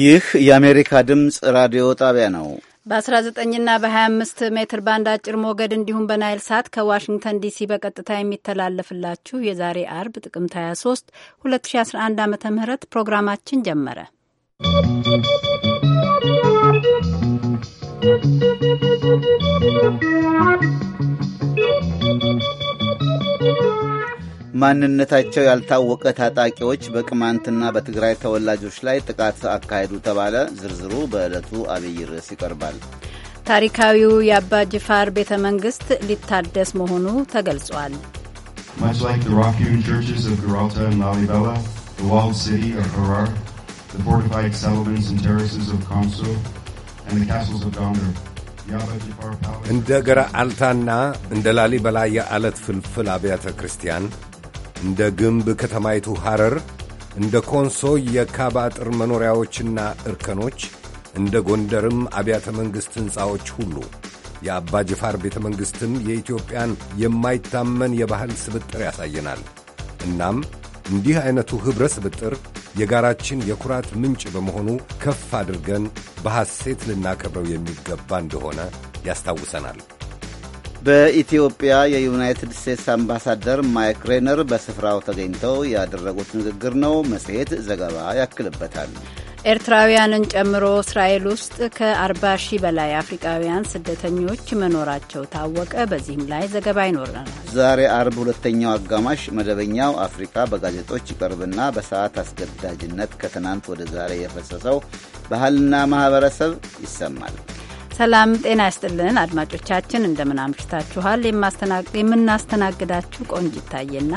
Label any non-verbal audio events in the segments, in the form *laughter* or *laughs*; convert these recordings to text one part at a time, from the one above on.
ይህ የአሜሪካ ድምፅ ራዲዮ ጣቢያ ነው። በ19ና በ25 ሜትር ባንድ አጭር ሞገድ እንዲሁም በናይል ሳት ከዋሽንግተን ዲሲ በቀጥታ የሚተላለፍላችሁ የዛሬ አርብ ጥቅምት 23 2011 ዓ ም ፕሮግራማችን ጀመረ። ¶¶ ማንነታቸው ያልታወቀ ታጣቂዎች በቅማንትና በትግራይ ተወላጆች ላይ ጥቃት አካሄዱ ተባለ። ዝርዝሩ በዕለቱ አብይ ርዕስ ይቀርባል። ታሪካዊው የአባ ጅፋር ቤተ መንግስት ሊታደስ መሆኑ ተገልጿል። እንደ አልታና እንደ ላሊበላ የዓለት ፍልፍል አብያተ ክርስቲያን እንደ ግንብ ከተማይቱ ሐረር፣ እንደ ኮንሶ የካብ አጥር መኖሪያዎችና እርከኖች፣ እንደ ጎንደርም አብያተ መንግሥት ሕንፃዎች ሁሉ የአባ ጅፋር ቤተ መንግሥትም የኢትዮጵያን የማይታመን የባህል ስብጥር ያሳየናል። እናም እንዲህ ዐይነቱ ኅብረ ስብጥር የጋራችን የኩራት ምንጭ በመሆኑ ከፍ አድርገን በሐሴት ልናከብረው የሚገባ እንደሆነ ያስታውሰናል። በኢትዮጵያ የዩናይትድ ስቴትስ አምባሳደር ማይክ ሬነር በስፍራው ተገኝተው ያደረጉት ንግግር ነው። መጽሔት ዘገባ ያክልበታል። ኤርትራውያንን ጨምሮ እስራኤል ውስጥ ከ40 ሺህ በላይ አፍሪካውያን ስደተኞች መኖራቸው ታወቀ። በዚህም ላይ ዘገባ ይኖረናል። ዛሬ አርብ ሁለተኛው አጋማሽ መደበኛው አፍሪካ በጋዜጦች ይቀርብና በሰዓት አስገዳጅነት ከትናንት ወደ ዛሬ የፈሰሰው ባህልና ማህበረሰብ ይሰማል። ሰላም ጤና ያስጥልን አድማጮቻችን፣ እንደምን አምሽታችኋል? የምናስተናግዳችሁ ቆንጅ ይታየና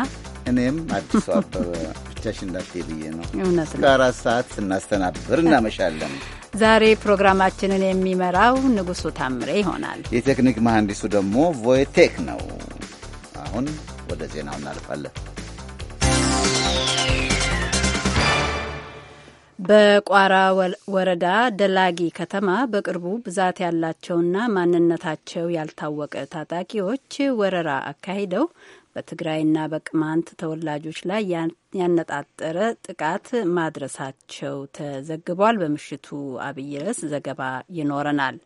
እኔም አዲሱ አበበ ብቻሽን እንዳት ብዬ ነው። እውነት ነው። አራት ሰዓት ስናስተናብር እናመሻለን። *laughs* ዛሬ ፕሮግራማችንን የሚመራው ንጉሱ ታምሬ ይሆናል። የቴክኒክ መሐንዲሱ ደግሞ ቮይቴክ ነው። አሁን ወደ ዜናው እናልፋለን። በቋራ ወረዳ ደላጊ ከተማ በቅርቡ ብዛት ያላቸውና ማንነታቸው ያልታወቀ ታጣቂዎች ወረራ አካሂደው በትግራይና በቅማንት ተወላጆች ላይ ያነጣጠረ ጥቃት ማድረሳቸው ተዘግቧል። በምሽቱ አብይ ርዕስ ዘገባ ይኖረናል።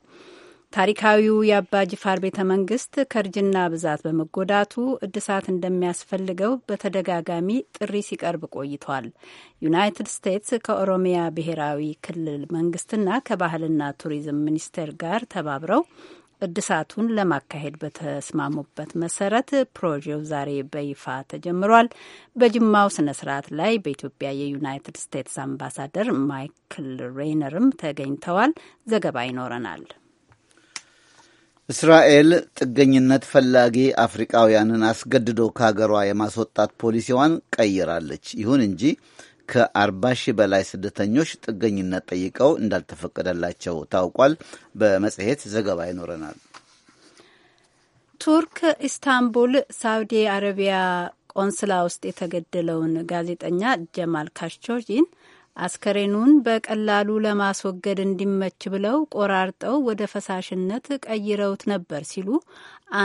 ታሪካዊው የአባጅፋር ቤተ መንግስት ከእርጅና ብዛት በመጎዳቱ እድሳት እንደሚያስፈልገው በተደጋጋሚ ጥሪ ሲቀርብ ቆይቷል። ዩናይትድ ስቴትስ ከኦሮሚያ ብሔራዊ ክልል መንግስትና ከባህልና ቱሪዝም ሚኒስቴር ጋር ተባብረው እድሳቱን ለማካሄድ በተስማሙበት መሰረት ፕሮጀው ዛሬ በይፋ ተጀምሯል። በጅማው ስነ ስርዓት ላይ በኢትዮጵያ የዩናይትድ ስቴትስ አምባሳደር ማይክል ሬይነርም ተገኝተዋል። ዘገባ ይኖረናል። እስራኤል ጥገኝነት ፈላጊ አፍሪቃውያንን አስገድዶ ከሀገሯ የማስወጣት ፖሊሲዋን ቀይራለች። ይሁን እንጂ ከአርባ ሺህ በላይ ስደተኞች ጥገኝነት ጠይቀው እንዳልተፈቀደላቸው ታውቋል። በመጽሔት ዘገባ ይኖረናል። ቱርክ ኢስታንቡል ሳውዲ አረቢያ ቆንስላ ውስጥ የተገደለውን ጋዜጠኛ ጀማል ካሽቾጂን አስከሬኑን በቀላሉ ለማስወገድ እንዲመች ብለው ቆራርጠው ወደ ፈሳሽነት ቀይረውት ነበር ሲሉ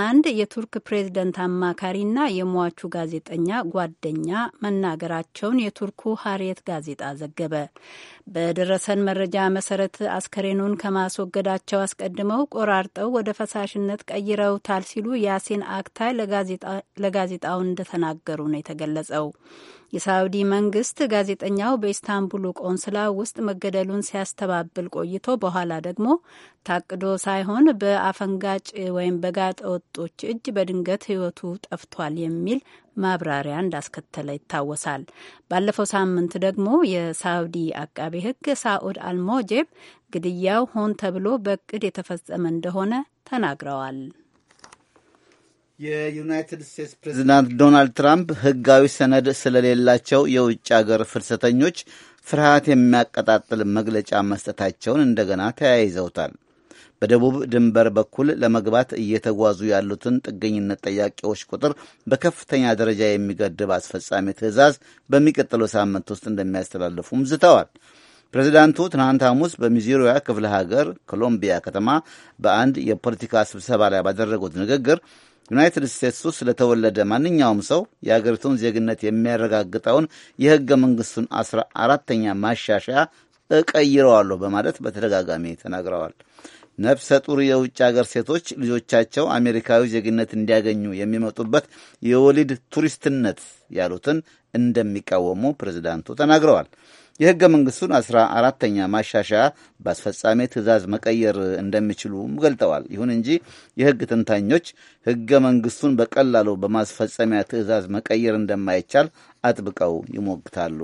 አንድ የቱርክ ፕሬዝደንት አማካሪና የሟቹ ጋዜጠኛ ጓደኛ መናገራቸውን የቱርኩ ሀሬት ጋዜጣ ዘገበ። በደረሰን መረጃ መሰረት አስከሬኑን ከማስወገዳቸው አስቀድመው ቆራርጠው ወደ ፈሳሽነት ቀይረውታል ሲሉ ያሴን አክታይ ለጋዜጣው እንደተናገሩ ነው የተገለጸው። የሳውዲ መንግስት ጋዜጠኛው በኢስታንቡሉ ቆንስላ ውስጥ መገደሉን ሲያስተባብል ቆይቶ በኋላ ደግሞ ታቅዶ ሳይሆን በአፈንጋጭ ወይም በጋጠ ወጦች እጅ በድንገት ህይወቱ ጠፍቷል የሚል ማብራሪያ እንዳስከተለ ይታወሳል። ባለፈው ሳምንት ደግሞ የሳውዲ አቃቤ ህግ ሳኡድ አልሞጄብ ግድያው ሆን ተብሎ በእቅድ የተፈጸመ እንደሆነ ተናግረዋል። የዩናይትድ ስቴትስ ፕሬዚዳንት ዶናልድ ትራምፕ ሕጋዊ ሰነድ ስለሌላቸው የውጭ አገር ፍልሰተኞች ፍርሃት የሚያቀጣጥል መግለጫ መስጠታቸውን እንደገና ተያይዘውታል። በደቡብ ድንበር በኩል ለመግባት እየተጓዙ ያሉትን ጥገኝነት ጠያቂዎች ቁጥር በከፍተኛ ደረጃ የሚገድብ አስፈጻሚ ትዕዛዝ በሚቀጥለው ሳምንት ውስጥ እንደሚያስተላልፉም ዝተዋል። ፕሬዚዳንቱ ትናንት ሐሙስ በሚዙሪያ ክፍለ ሀገር ኮሎምቢያ ከተማ በአንድ የፖለቲካ ስብሰባ ላይ ባደረጉት ንግግር ዩናይትድ ስቴትስ ውስጥ ለተወለደ ማንኛውም ሰው የአገሪቱን ዜግነት የሚያረጋግጠውን የህገ መንግስቱን አስራ አራተኛ ማሻሻያ እቀይረዋለሁ በማለት በተደጋጋሚ ተናግረዋል። ነፍሰ ጡር የውጭ አገር ሴቶች ልጆቻቸው አሜሪካዊ ዜግነት እንዲያገኙ የሚመጡበት የወሊድ ቱሪስትነት ያሉትን እንደሚቃወሙ ፕሬዚዳንቱ ተናግረዋል። የህገ መንግስቱን አስራ አራተኛ ማሻሻያ በአስፈጻሚ ትእዛዝ መቀየር እንደሚችሉም ገልጠዋል። ይሁን እንጂ የህግ ትንታኞች ህገ መንግስቱን በቀላሉ በማስፈጸሚያ ትእዛዝ መቀየር እንደማይቻል አጥብቀው ይሞግታሉ።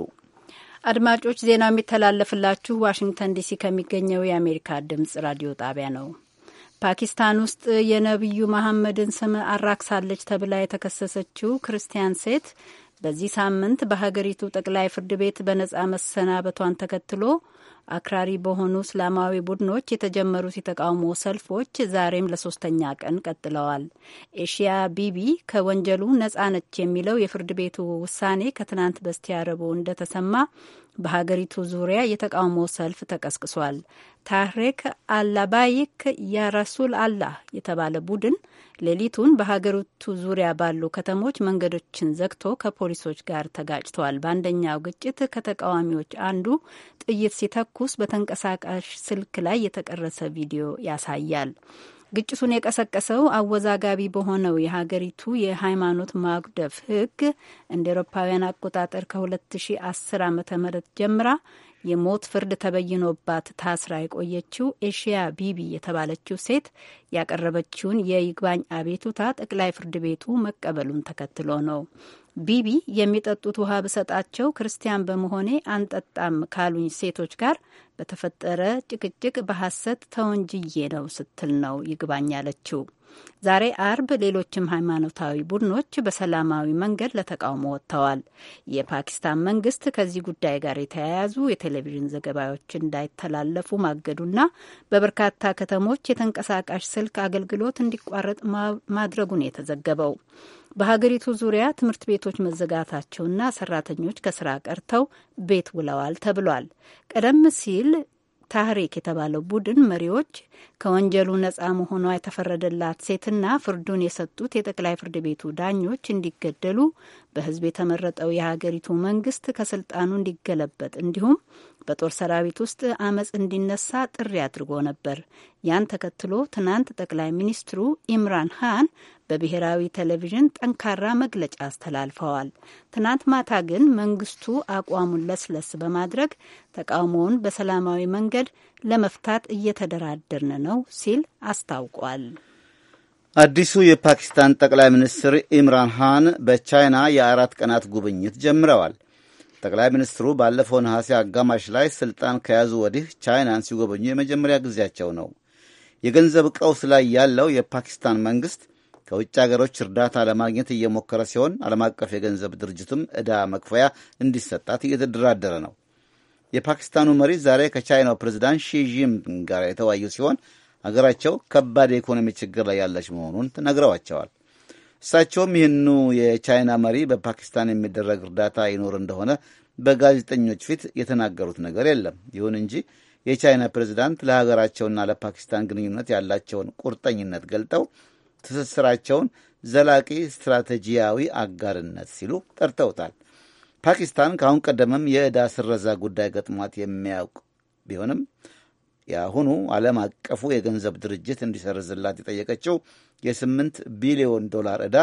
አድማጮች፣ ዜናው የሚተላለፍላችሁ ዋሽንግተን ዲሲ ከሚገኘው የአሜሪካ ድምጽ ራዲዮ ጣቢያ ነው። ፓኪስታን ውስጥ የነቢዩ መሐመድን ስም አራክሳለች ተብላ የተከሰሰችው ክርስቲያን ሴት በዚህ ሳምንት በሀገሪቱ ጠቅላይ ፍርድ ቤት በነጻ መሰናበቷን ተከትሎ አክራሪ በሆኑ እስላማዊ ቡድኖች የተጀመሩት የተቃውሞ ሰልፎች ዛሬም ለሶስተኛ ቀን ቀጥለዋል። ኤሽያ ቢቢ ከወንጀሉ ነጻ ነች የሚለው የፍርድ ቤቱ ውሳኔ ከትናንት በስቲያ ረቡዕ እንደተሰማ በሀገሪቱ ዙሪያ የተቃውሞ ሰልፍ ተቀስቅሷል። ታሪክ አላባይክ ያረሱል አላህ የተባለ ቡድን ሌሊቱን በሀገሪቱ ዙሪያ ባሉ ከተሞች መንገዶችን ዘግቶ ከፖሊሶች ጋር ተጋጭተዋል። በአንደኛው ግጭት ከተቃዋሚዎች አንዱ ጥይት ሲተኩስ በተንቀሳቃሽ ስልክ ላይ የተቀረሰ ቪዲዮ ያሳያል። ግጭቱን የቀሰቀሰው አወዛጋቢ በሆነው የሀገሪቱ የሃይማኖት ማጉደፍ ሕግ እንደ ኤሮፓውያን አቆጣጠር ከ2010 ዓ.ም ጀምራ የሞት ፍርድ ተበይኖባት ታስራ የቆየችው ኤሽያ ቢቢ የተባለችው ሴት ያቀረበችውን የይግባኝ አቤቱታ ጠቅላይ ፍርድ ቤቱ መቀበሉን ተከትሎ ነው። ቢቢ የሚጠጡት ውሃ ብሰጣቸው ክርስቲያን በመሆኔ አንጠጣም ካሉኝ ሴቶች ጋር በተፈጠረ ጭቅጭቅ በሐሰት ተወንጅዬ ነው ስትል ነው ይግባኝ ያለችው። ዛሬ አርብ ሌሎችም ሃይማኖታዊ ቡድኖች በሰላማዊ መንገድ ለተቃውሞ ወጥተዋል። የፓኪስታን መንግስት ከዚህ ጉዳይ ጋር የተያያዙ የቴሌቪዥን ዘገባዎች እንዳይተላለፉ ማገዱና በበርካታ ከተሞች የተንቀሳቃሽ ስልክ አገልግሎት እንዲቋረጥ ማድረጉን የተዘገበው በሀገሪቱ ዙሪያ ትምህርት ቤቶች መዘጋታቸውና ሰራተኞች ከስራ ቀርተው ቤት ውለዋል ተብሏል። ቀደም ሲል ታህሪክ የተባለው ቡድን መሪዎች ከወንጀሉ ነጻ መሆኗ የተፈረደላት ሴትና ፍርዱን የሰጡት የጠቅላይ ፍርድ ቤቱ ዳኞች እንዲገደሉ በህዝብ የተመረጠው የሀገሪቱ መንግስት ከስልጣኑ እንዲገለበጥ እንዲሁም በጦር ሰራዊት ውስጥ አመፅ እንዲነሳ ጥሪ አድርጎ ነበር። ያን ተከትሎ ትናንት ጠቅላይ ሚኒስትሩ ኢምራን ሃን በብሔራዊ ቴሌቪዥን ጠንካራ መግለጫ አስተላልፈዋል። ትናንት ማታ ግን መንግስቱ አቋሙን ለስለስ በማድረግ ተቃውሞውን በሰላማዊ መንገድ ለመፍታት እየተደራደርን ነው ሲል አስታውቋል። አዲሱ የፓኪስታን ጠቅላይ ሚኒስትር ኢምራን ሃን በቻይና የአራት ቀናት ጉብኝት ጀምረዋል። ጠቅላይ ሚኒስትሩ ባለፈው ነሐሴ አጋማሽ ላይ ስልጣን ከያዙ ወዲህ ቻይናን ሲጎበኙ የመጀመሪያ ጊዜያቸው ነው። የገንዘብ ቀውስ ላይ ያለው የፓኪስታን መንግስት ከውጭ ሀገሮች እርዳታ ለማግኘት እየሞከረ ሲሆን ዓለም አቀፍ የገንዘብ ድርጅትም ዕዳ መክፈያ እንዲሰጣት እየተደራደረ ነው። የፓኪስታኑ መሪ ዛሬ ከቻይናው ፕሬዚዳንት ሺጂንፒንግ ጋር የተወያዩ ሲሆን አገራቸው ከባድ የኢኮኖሚ ችግር ላይ ያለች መሆኑን ተነግረዋቸዋል። እሳቸውም ይህኑ የቻይና መሪ በፓኪስታን የሚደረግ እርዳታ ይኖር እንደሆነ በጋዜጠኞች ፊት የተናገሩት ነገር የለም። ይሁን እንጂ የቻይና ፕሬዚዳንት ለሀገራቸውና ለፓኪስታን ግንኙነት ያላቸውን ቁርጠኝነት ገልጠው ትስስራቸውን ዘላቂ ስትራቴጂያዊ አጋርነት ሲሉ ጠርተውታል። ፓኪስታን ከአሁን ቀደምም የዕዳ ስረዛ ጉዳይ ገጥሟት የሚያውቅ ቢሆንም የአሁኑ ዓለም አቀፉ የገንዘብ ድርጅት እንዲሰርዝላት የጠየቀችው የስምንት ቢሊዮን ዶላር ዕዳ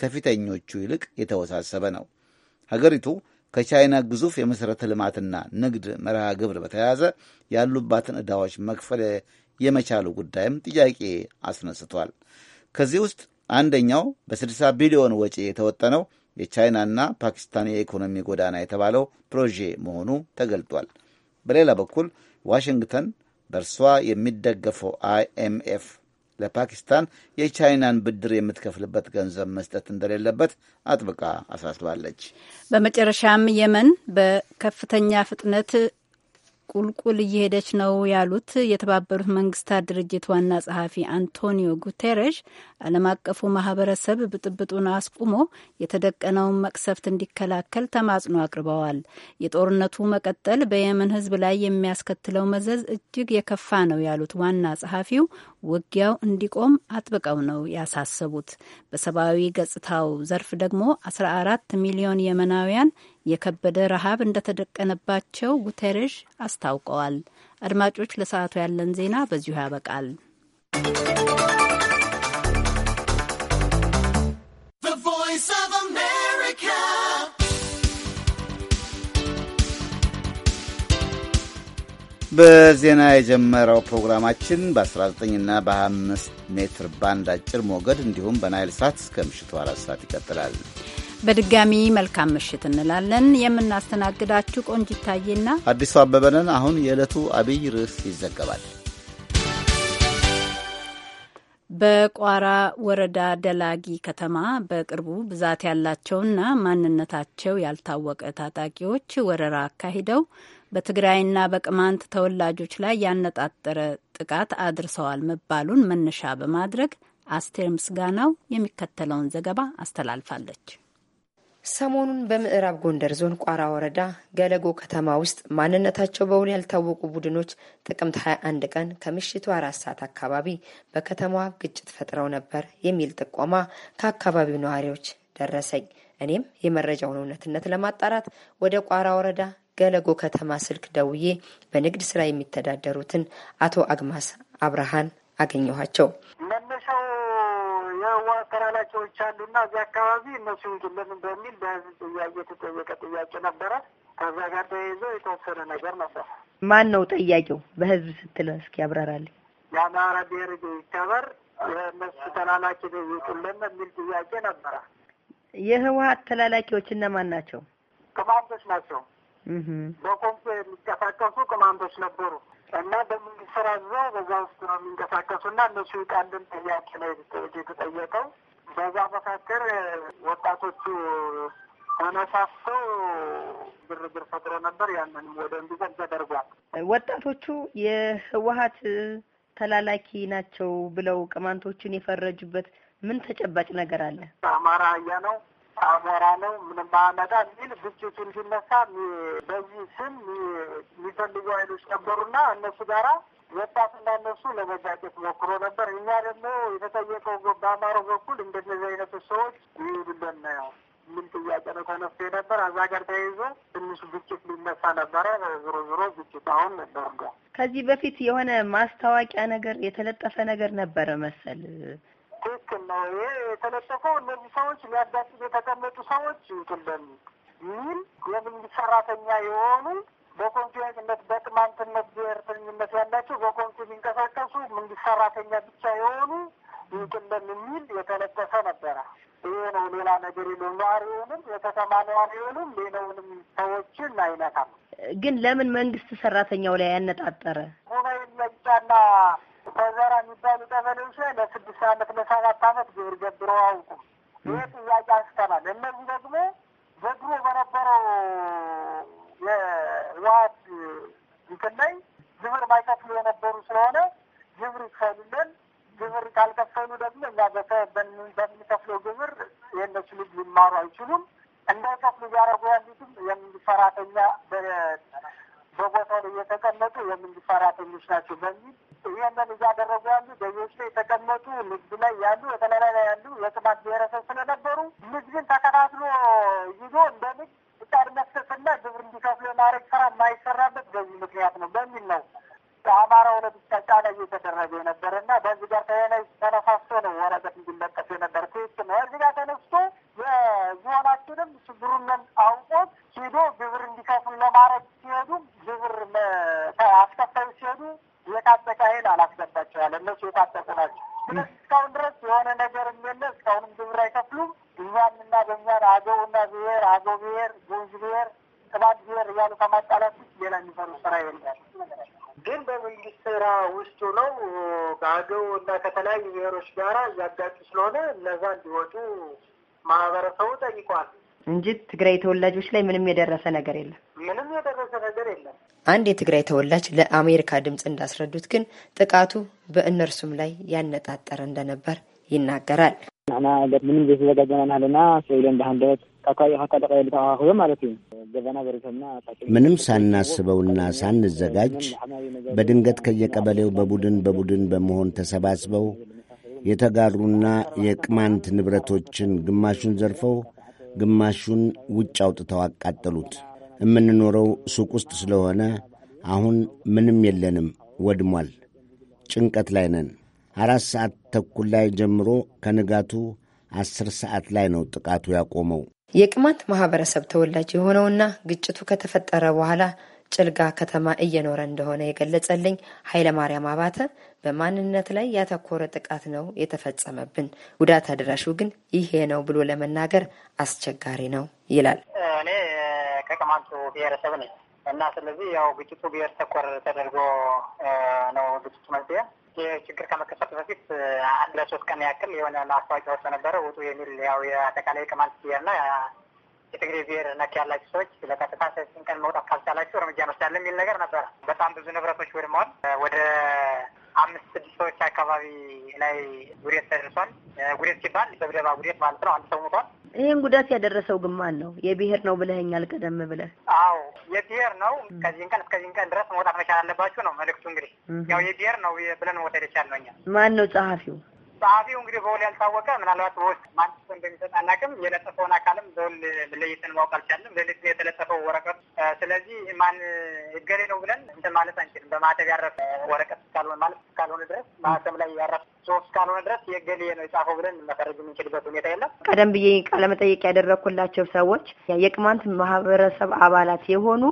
ከፊተኞቹ ይልቅ የተወሳሰበ ነው። ሀገሪቱ ከቻይና ግዙፍ የመሠረተ ልማትና ንግድ መርሃ ግብር በተያያዘ ያሉባትን ዕዳዎች መክፈል የመቻሉ ጉዳይም ጥያቄ አስነስቷል። ከዚህ ውስጥ አንደኛው በ60 ቢሊዮን ወጪ የተወጠነው የቻይናና ፓኪስታን የኢኮኖሚ ጎዳና የተባለው ፕሮጄ መሆኑ ተገልጧል። በሌላ በኩል ዋሽንግተን በእርሷ የሚደገፈው አይኤምኤፍ ለፓኪስታን የቻይናን ብድር የምትከፍልበት ገንዘብ መስጠት እንደሌለበት አጥብቃ አሳስባለች። በመጨረሻም የመን በከፍተኛ ፍጥነት ቁልቁል እየሄደች ነው ያሉት የተባበሩት መንግስታት ድርጅት ዋና ጸሐፊ አንቶኒዮ ጉቴሬሽ ዓለም አቀፉ ማህበረሰብ ብጥብጡን አስቁሞ የተደቀነውን መቅሰፍት እንዲከላከል ተማጽኖ አቅርበዋል። የጦርነቱ መቀጠል በየመን ህዝብ ላይ የሚያስከትለው መዘዝ እጅግ የከፋ ነው ያሉት ዋና ጸሐፊው ውጊያው እንዲቆም አጥብቀው ነው ያሳሰቡት። በሰብአዊ ገጽታው ዘርፍ ደግሞ 14 ሚሊዮን የመናውያን የከበደ ረሃብ እንደተደቀነባቸው ጉተሬዥ አስታውቀዋል። አድማጮች፣ ለሰዓቱ ያለን ዜና በዚሁ ያበቃል። በዜና የጀመረው ፕሮግራማችን በ19 እና በ 5 ሜትር ባንድ አጭር ሞገድ እንዲሁም በናይል ሳት እስከ ምሽቱ አራት ሰዓት ይቀጥላል። በድጋሚ መልካም ምሽት እንላለን። የምናስተናግዳችሁ ቆንጅ ታዬና አዲሱ አበበነን። አሁን የዕለቱ አብይ ርዕስ ይዘገባል። በቋራ ወረዳ ደላጊ ከተማ በቅርቡ ብዛት ያላቸውና ማንነታቸው ያልታወቀ ታጣቂዎች ወረራ አካሂደው በትግራይና በቅማንት ተወላጆች ላይ ያነጣጠረ ጥቃት አድርሰዋል መባሉን መነሻ በማድረግ አስቴር ምስጋናው የሚከተለውን ዘገባ አስተላልፋለች። ሰሞኑን በምዕራብ ጎንደር ዞን ቋራ ወረዳ ገለጎ ከተማ ውስጥ ማንነታቸው በውል ያልታወቁ ቡድኖች ጥቅምት 21 ቀን ከምሽቱ አራት ሰዓት አካባቢ በከተማዋ ግጭት ፈጥረው ነበር የሚል ጥቆማ ከአካባቢው ነዋሪዎች ደረሰኝ። እኔም የመረጃውን እውነትነት ለማጣራት ወደ ቋራ ወረዳ ገለጎ ከተማ ስልክ ደውዬ በንግድ ስራ የሚተዳደሩትን አቶ አግማስ አብርሃን አገኘኋቸው። ማጠላላቸዎች አሉና እዚህ አካባቢ እነሱ ለምን በሚል በህዝብ ጥያቄ የተጠየቀ ጥያቄ ነበረ። ከዛ ጋር ተያይዞ የተወሰነ ነገር ነበር። ማን ነው ጥያቄው? በህዝብ ስትል እስኪ ያብራራልኝ። የአማራ ብሔር ይከበር፣ የእነሱ ተላላኪ ይውጡልን የሚል ጥያቄ ነበረ። የህወሀት ተላላኪዎች እነማን ናቸው? ቅማንቶች ናቸው። በኮንሶ የሚንቀሳቀሱ ቅማንቶች ነበሩ። እና በምንሰራዘው በዛ ውስጥ ነው የሚንቀሳቀሱ እና እነሱ ቃልን ጥያቄ ላይ የተጠየቀው በዛ መካከል ወጣቶቹ ተነሳስተው ግርግር ፈጥሮ ነበር። ያንንም ወደ እንዲዘን ተደርጓል። ወጣቶቹ የህወሀት ተላላኪ ናቸው ብለው ቅማንቶችን የፈረጁበት ምን ተጨባጭ ነገር አለ? አማራ አያ ነው አሞራ ነው ምንም ማመጣ የሚል ግጭቱን ሲነሳ በዚህ ስም የሚፈልጉ ኃይሎች ነበሩና እነሱ ጋራ ወጣት እንዳነሱ ለመጋጨት ሞክሮ ነበር። እኛ ደግሞ የተጠየቀው በአማሮ በኩል እንደነዚህ አይነቶች ሰዎች ይሄዱለን ነው ምን ጥያቄ ነው ተነስቶ ነበር አዛ ጋር ተያይዞ ትንሽ ግጭት ሊነሳ ነበረ። ዞሮ ዞሮ ግጭት አሁን ነበር። ከዚህ በፊት የሆነ ማስታወቂያ ነገር የተለጠፈ ነገር ነበረ መሰል ትክክል ነው። ይሄ የተለጠፈው እነዚህ ሰዎች ሊያዳጭ የተቀመጡ ሰዎች ይውጡልን ይህም የመንግስት ሰራተኛ የሆኑ በኮንፊደንስነት በቅማንትነት ብሔርተኝነት ያላቸው በኮንፊ የሚንቀሳቀሱ መንግስት ሰራተኛ ብቻ የሆኑ ይውጡልን የሚል የተለጠፈ ነበረ። ይሄ ነው፣ ሌላ ነገር የለውም። ነዋሪውንም የከተማ ነዋሪውንም ሌላውንም ሰዎችን አይነካም። ግን ለምን መንግስት ሰራተኛው ላይ ያነጣጠረ ሞባይል መጫና ተዘራ የሚባሉ ቀበሌዎች ላይ ለስድስት አመት ለሰባት አመት ግብር ገብረው አውቁ ይህ ጥያቄ አንስተናል። እነዚህ ደግሞ በድሮ በነበረው የህወሓት እንትን ላይ ግብር ማይከፍሉ የነበሩ ስለሆነ ግብር ይክፈሉልን፣ ግብር ካልከፈሉ ደግሞ እኛ በተ በምንከፍለው ግብር የእነሱ ልጅ ሊማሩ አይችሉም። እንዳይከፍሉ ቢያደረጉ ያሉትም የመንግስት ሰራተኛ በቦታው ላይ እየተቀመጡ የመንግስት ሰራተኞች ናቸው በሚል ይህንን እያደረጉ ያሉ በየውስጡ የተቀመጡ ንግድ ላይ ያሉ ላይ ያሉ የቅማንት ብሔረሰብ ስለነበሩ ንግድን ተከታትሎ ይዞ እንደ ንግድ ፍቃድ መስጠትና ግብር እንዲከፍሉ የማድረግ ስራ የማይሰራበት በዚህ ምክንያት ነው በሚል ነው አማራው ነው ጫና እየተደረገ የነበረ እና በዚህ ጋር ተነሳስቶ ነው ወረቀት እንዲለጠፍ የነበር ትክክል ነው። እዚህ ጋር ተነስቶ የዞናችንም ችግሩንም አውቆት ሄዶ ግብር እንዲከፍሉ ለማድረግ ሲሄዱ ግብር አስከፋዩ ሲሄዱ የታጠቀ ኃይል አላስገባቸዋል። እነሱ የታጠቁ ናቸው። እስካሁን ድረስ የሆነ ነገር የለ። እስካሁንም ግብር አይከፍሉም። እኛም እና በእኛን አገውና ብሔር አገው ብሔር፣ ጉንዝ ብሔር፣ ቅማንት ብሔር እያሉ ከማጣላት ውስጥ ሌላ የሚሰሩ ስራ የለም። ግን በመንግስት ስራ ውስጡ ነው በአገው እና ከተለያዩ ብሔሮች ጋራ እያጋጩ ስለሆነ እነዛ እንዲወጡ ማህበረሰቡ ጠይቋል። እንጂ ትግራይ ተወላጆች ላይ ምንም የደረሰ ነገር የለም። ምንም የደረሰ ነገር የለም። አንድ የትግራይ ተወላጅ ለአሜሪካ ድምፅ እንዳስረዱት ግን ጥቃቱ በእነርሱም ላይ ያነጣጠረ እንደነበር ይናገራል። ንሕና ምንም ዘይተዘጋጀና ህለና ስኢለን ዳህንደበት ምንም ሳናስበውና ሳንዘጋጅ በድንገት ከየቀበሌው በቡድን በቡድን በመሆን ተሰባስበው የተጋሩና የቅማንት ንብረቶችን ግማሹን ዘርፈው ግማሹን ውጭ አውጥተው አቃጠሉት። የምንኖረው ሱቅ ውስጥ ስለሆነ አሁን ምንም የለንም፣ ወድሟል። ጭንቀት ላይ ነን። አራት ሰዓት ተኩል ላይ ጀምሮ ከንጋቱ አስር ሰዓት ላይ ነው ጥቃቱ ያቆመው። የቅማንት ማህበረሰብ ተወላጅ የሆነውና ግጭቱ ከተፈጠረ በኋላ ጭልጋ ከተማ እየኖረ እንደሆነ የገለጸልኝ ኃይለማርያም አባተ በማንነት ላይ ያተኮረ ጥቃት ነው የተፈጸመብን፣ ጉዳት አድራሹ ግን ይሄ ነው ብሎ ለመናገር አስቸጋሪ ነው ይላል። እኔ ከቅማንቱ ብሔረሰብ ነኝ እና ስለዚህ ያው ግጭቱ ብሔር ተኮር ተደርጎ ነው ግጭቱ መፍትሄ የችግር ከመከሰቱ በፊት ለሶስት ቀን ያክል የሆነ ማስታወቂያ ወጥቶ ነበረ ውጡ የሚል ያው የአጠቃላይ ቅማንት ና የትግሬ ብሔር ነክ ያላቸው ሰዎች ለቀጥታ ሰችን ቀን መውጣት ካልቻላቸው እርምጃ እንወስዳለን የሚል ነገር ነበረ። በጣም ብዙ ንብረቶች ወድመዋል። ወደ አምስት ስድስት ሰዎች አካባቢ ላይ ጉዴት ተደርሷል። ጉዴት ሲባል በብደባ ጉዴት ማለት ነው። አንድ ሰው ሞቷል። ይህን ጉዳት ያደረሰው ግን ማን ነው? የብሔር ነው ብለኸኛል ቀደም ብለህ። አዎ የብሔር ነው። ከዚህን ቀን እስከዚህን ቀን ድረስ መውጣት መቻል አለባችሁ ነው መልእክቱ። እንግዲህ ያው የብሔር ነው ብለን መውሰድ ይቻል ነው። እኛ ማን ነው ጸሐፊው? ጸሐፊው እንግዲህ በውል ያልታወቀ ምናልባት በውስጥ ማንስቶ እንደሚሰጥ አናውቅም። የለጠፈውን አካልም በውል ለይተን ማወቅ አልቻለም። ሌሊት የተለጠፈው ወረቀት ስለዚህ ማን እገሌ ነው ብለን እንትን ማለት አንችልም። በማተብ ያረፈ ወረቀት እስካልሆነ ማለት እስካልሆነ ድረስ ማተብ ላይ ያረፈ ጽሑፍ እስካልሆነ ድረስ የገሌ ነው የጻፈው ብለን መፈረጅ የምንችልበት ሁኔታ የለም። ቀደም ብዬ ቃለመጠየቅ ያደረግኩላቸው ሰዎች የቅማንት ማህበረሰብ አባላት የሆኑ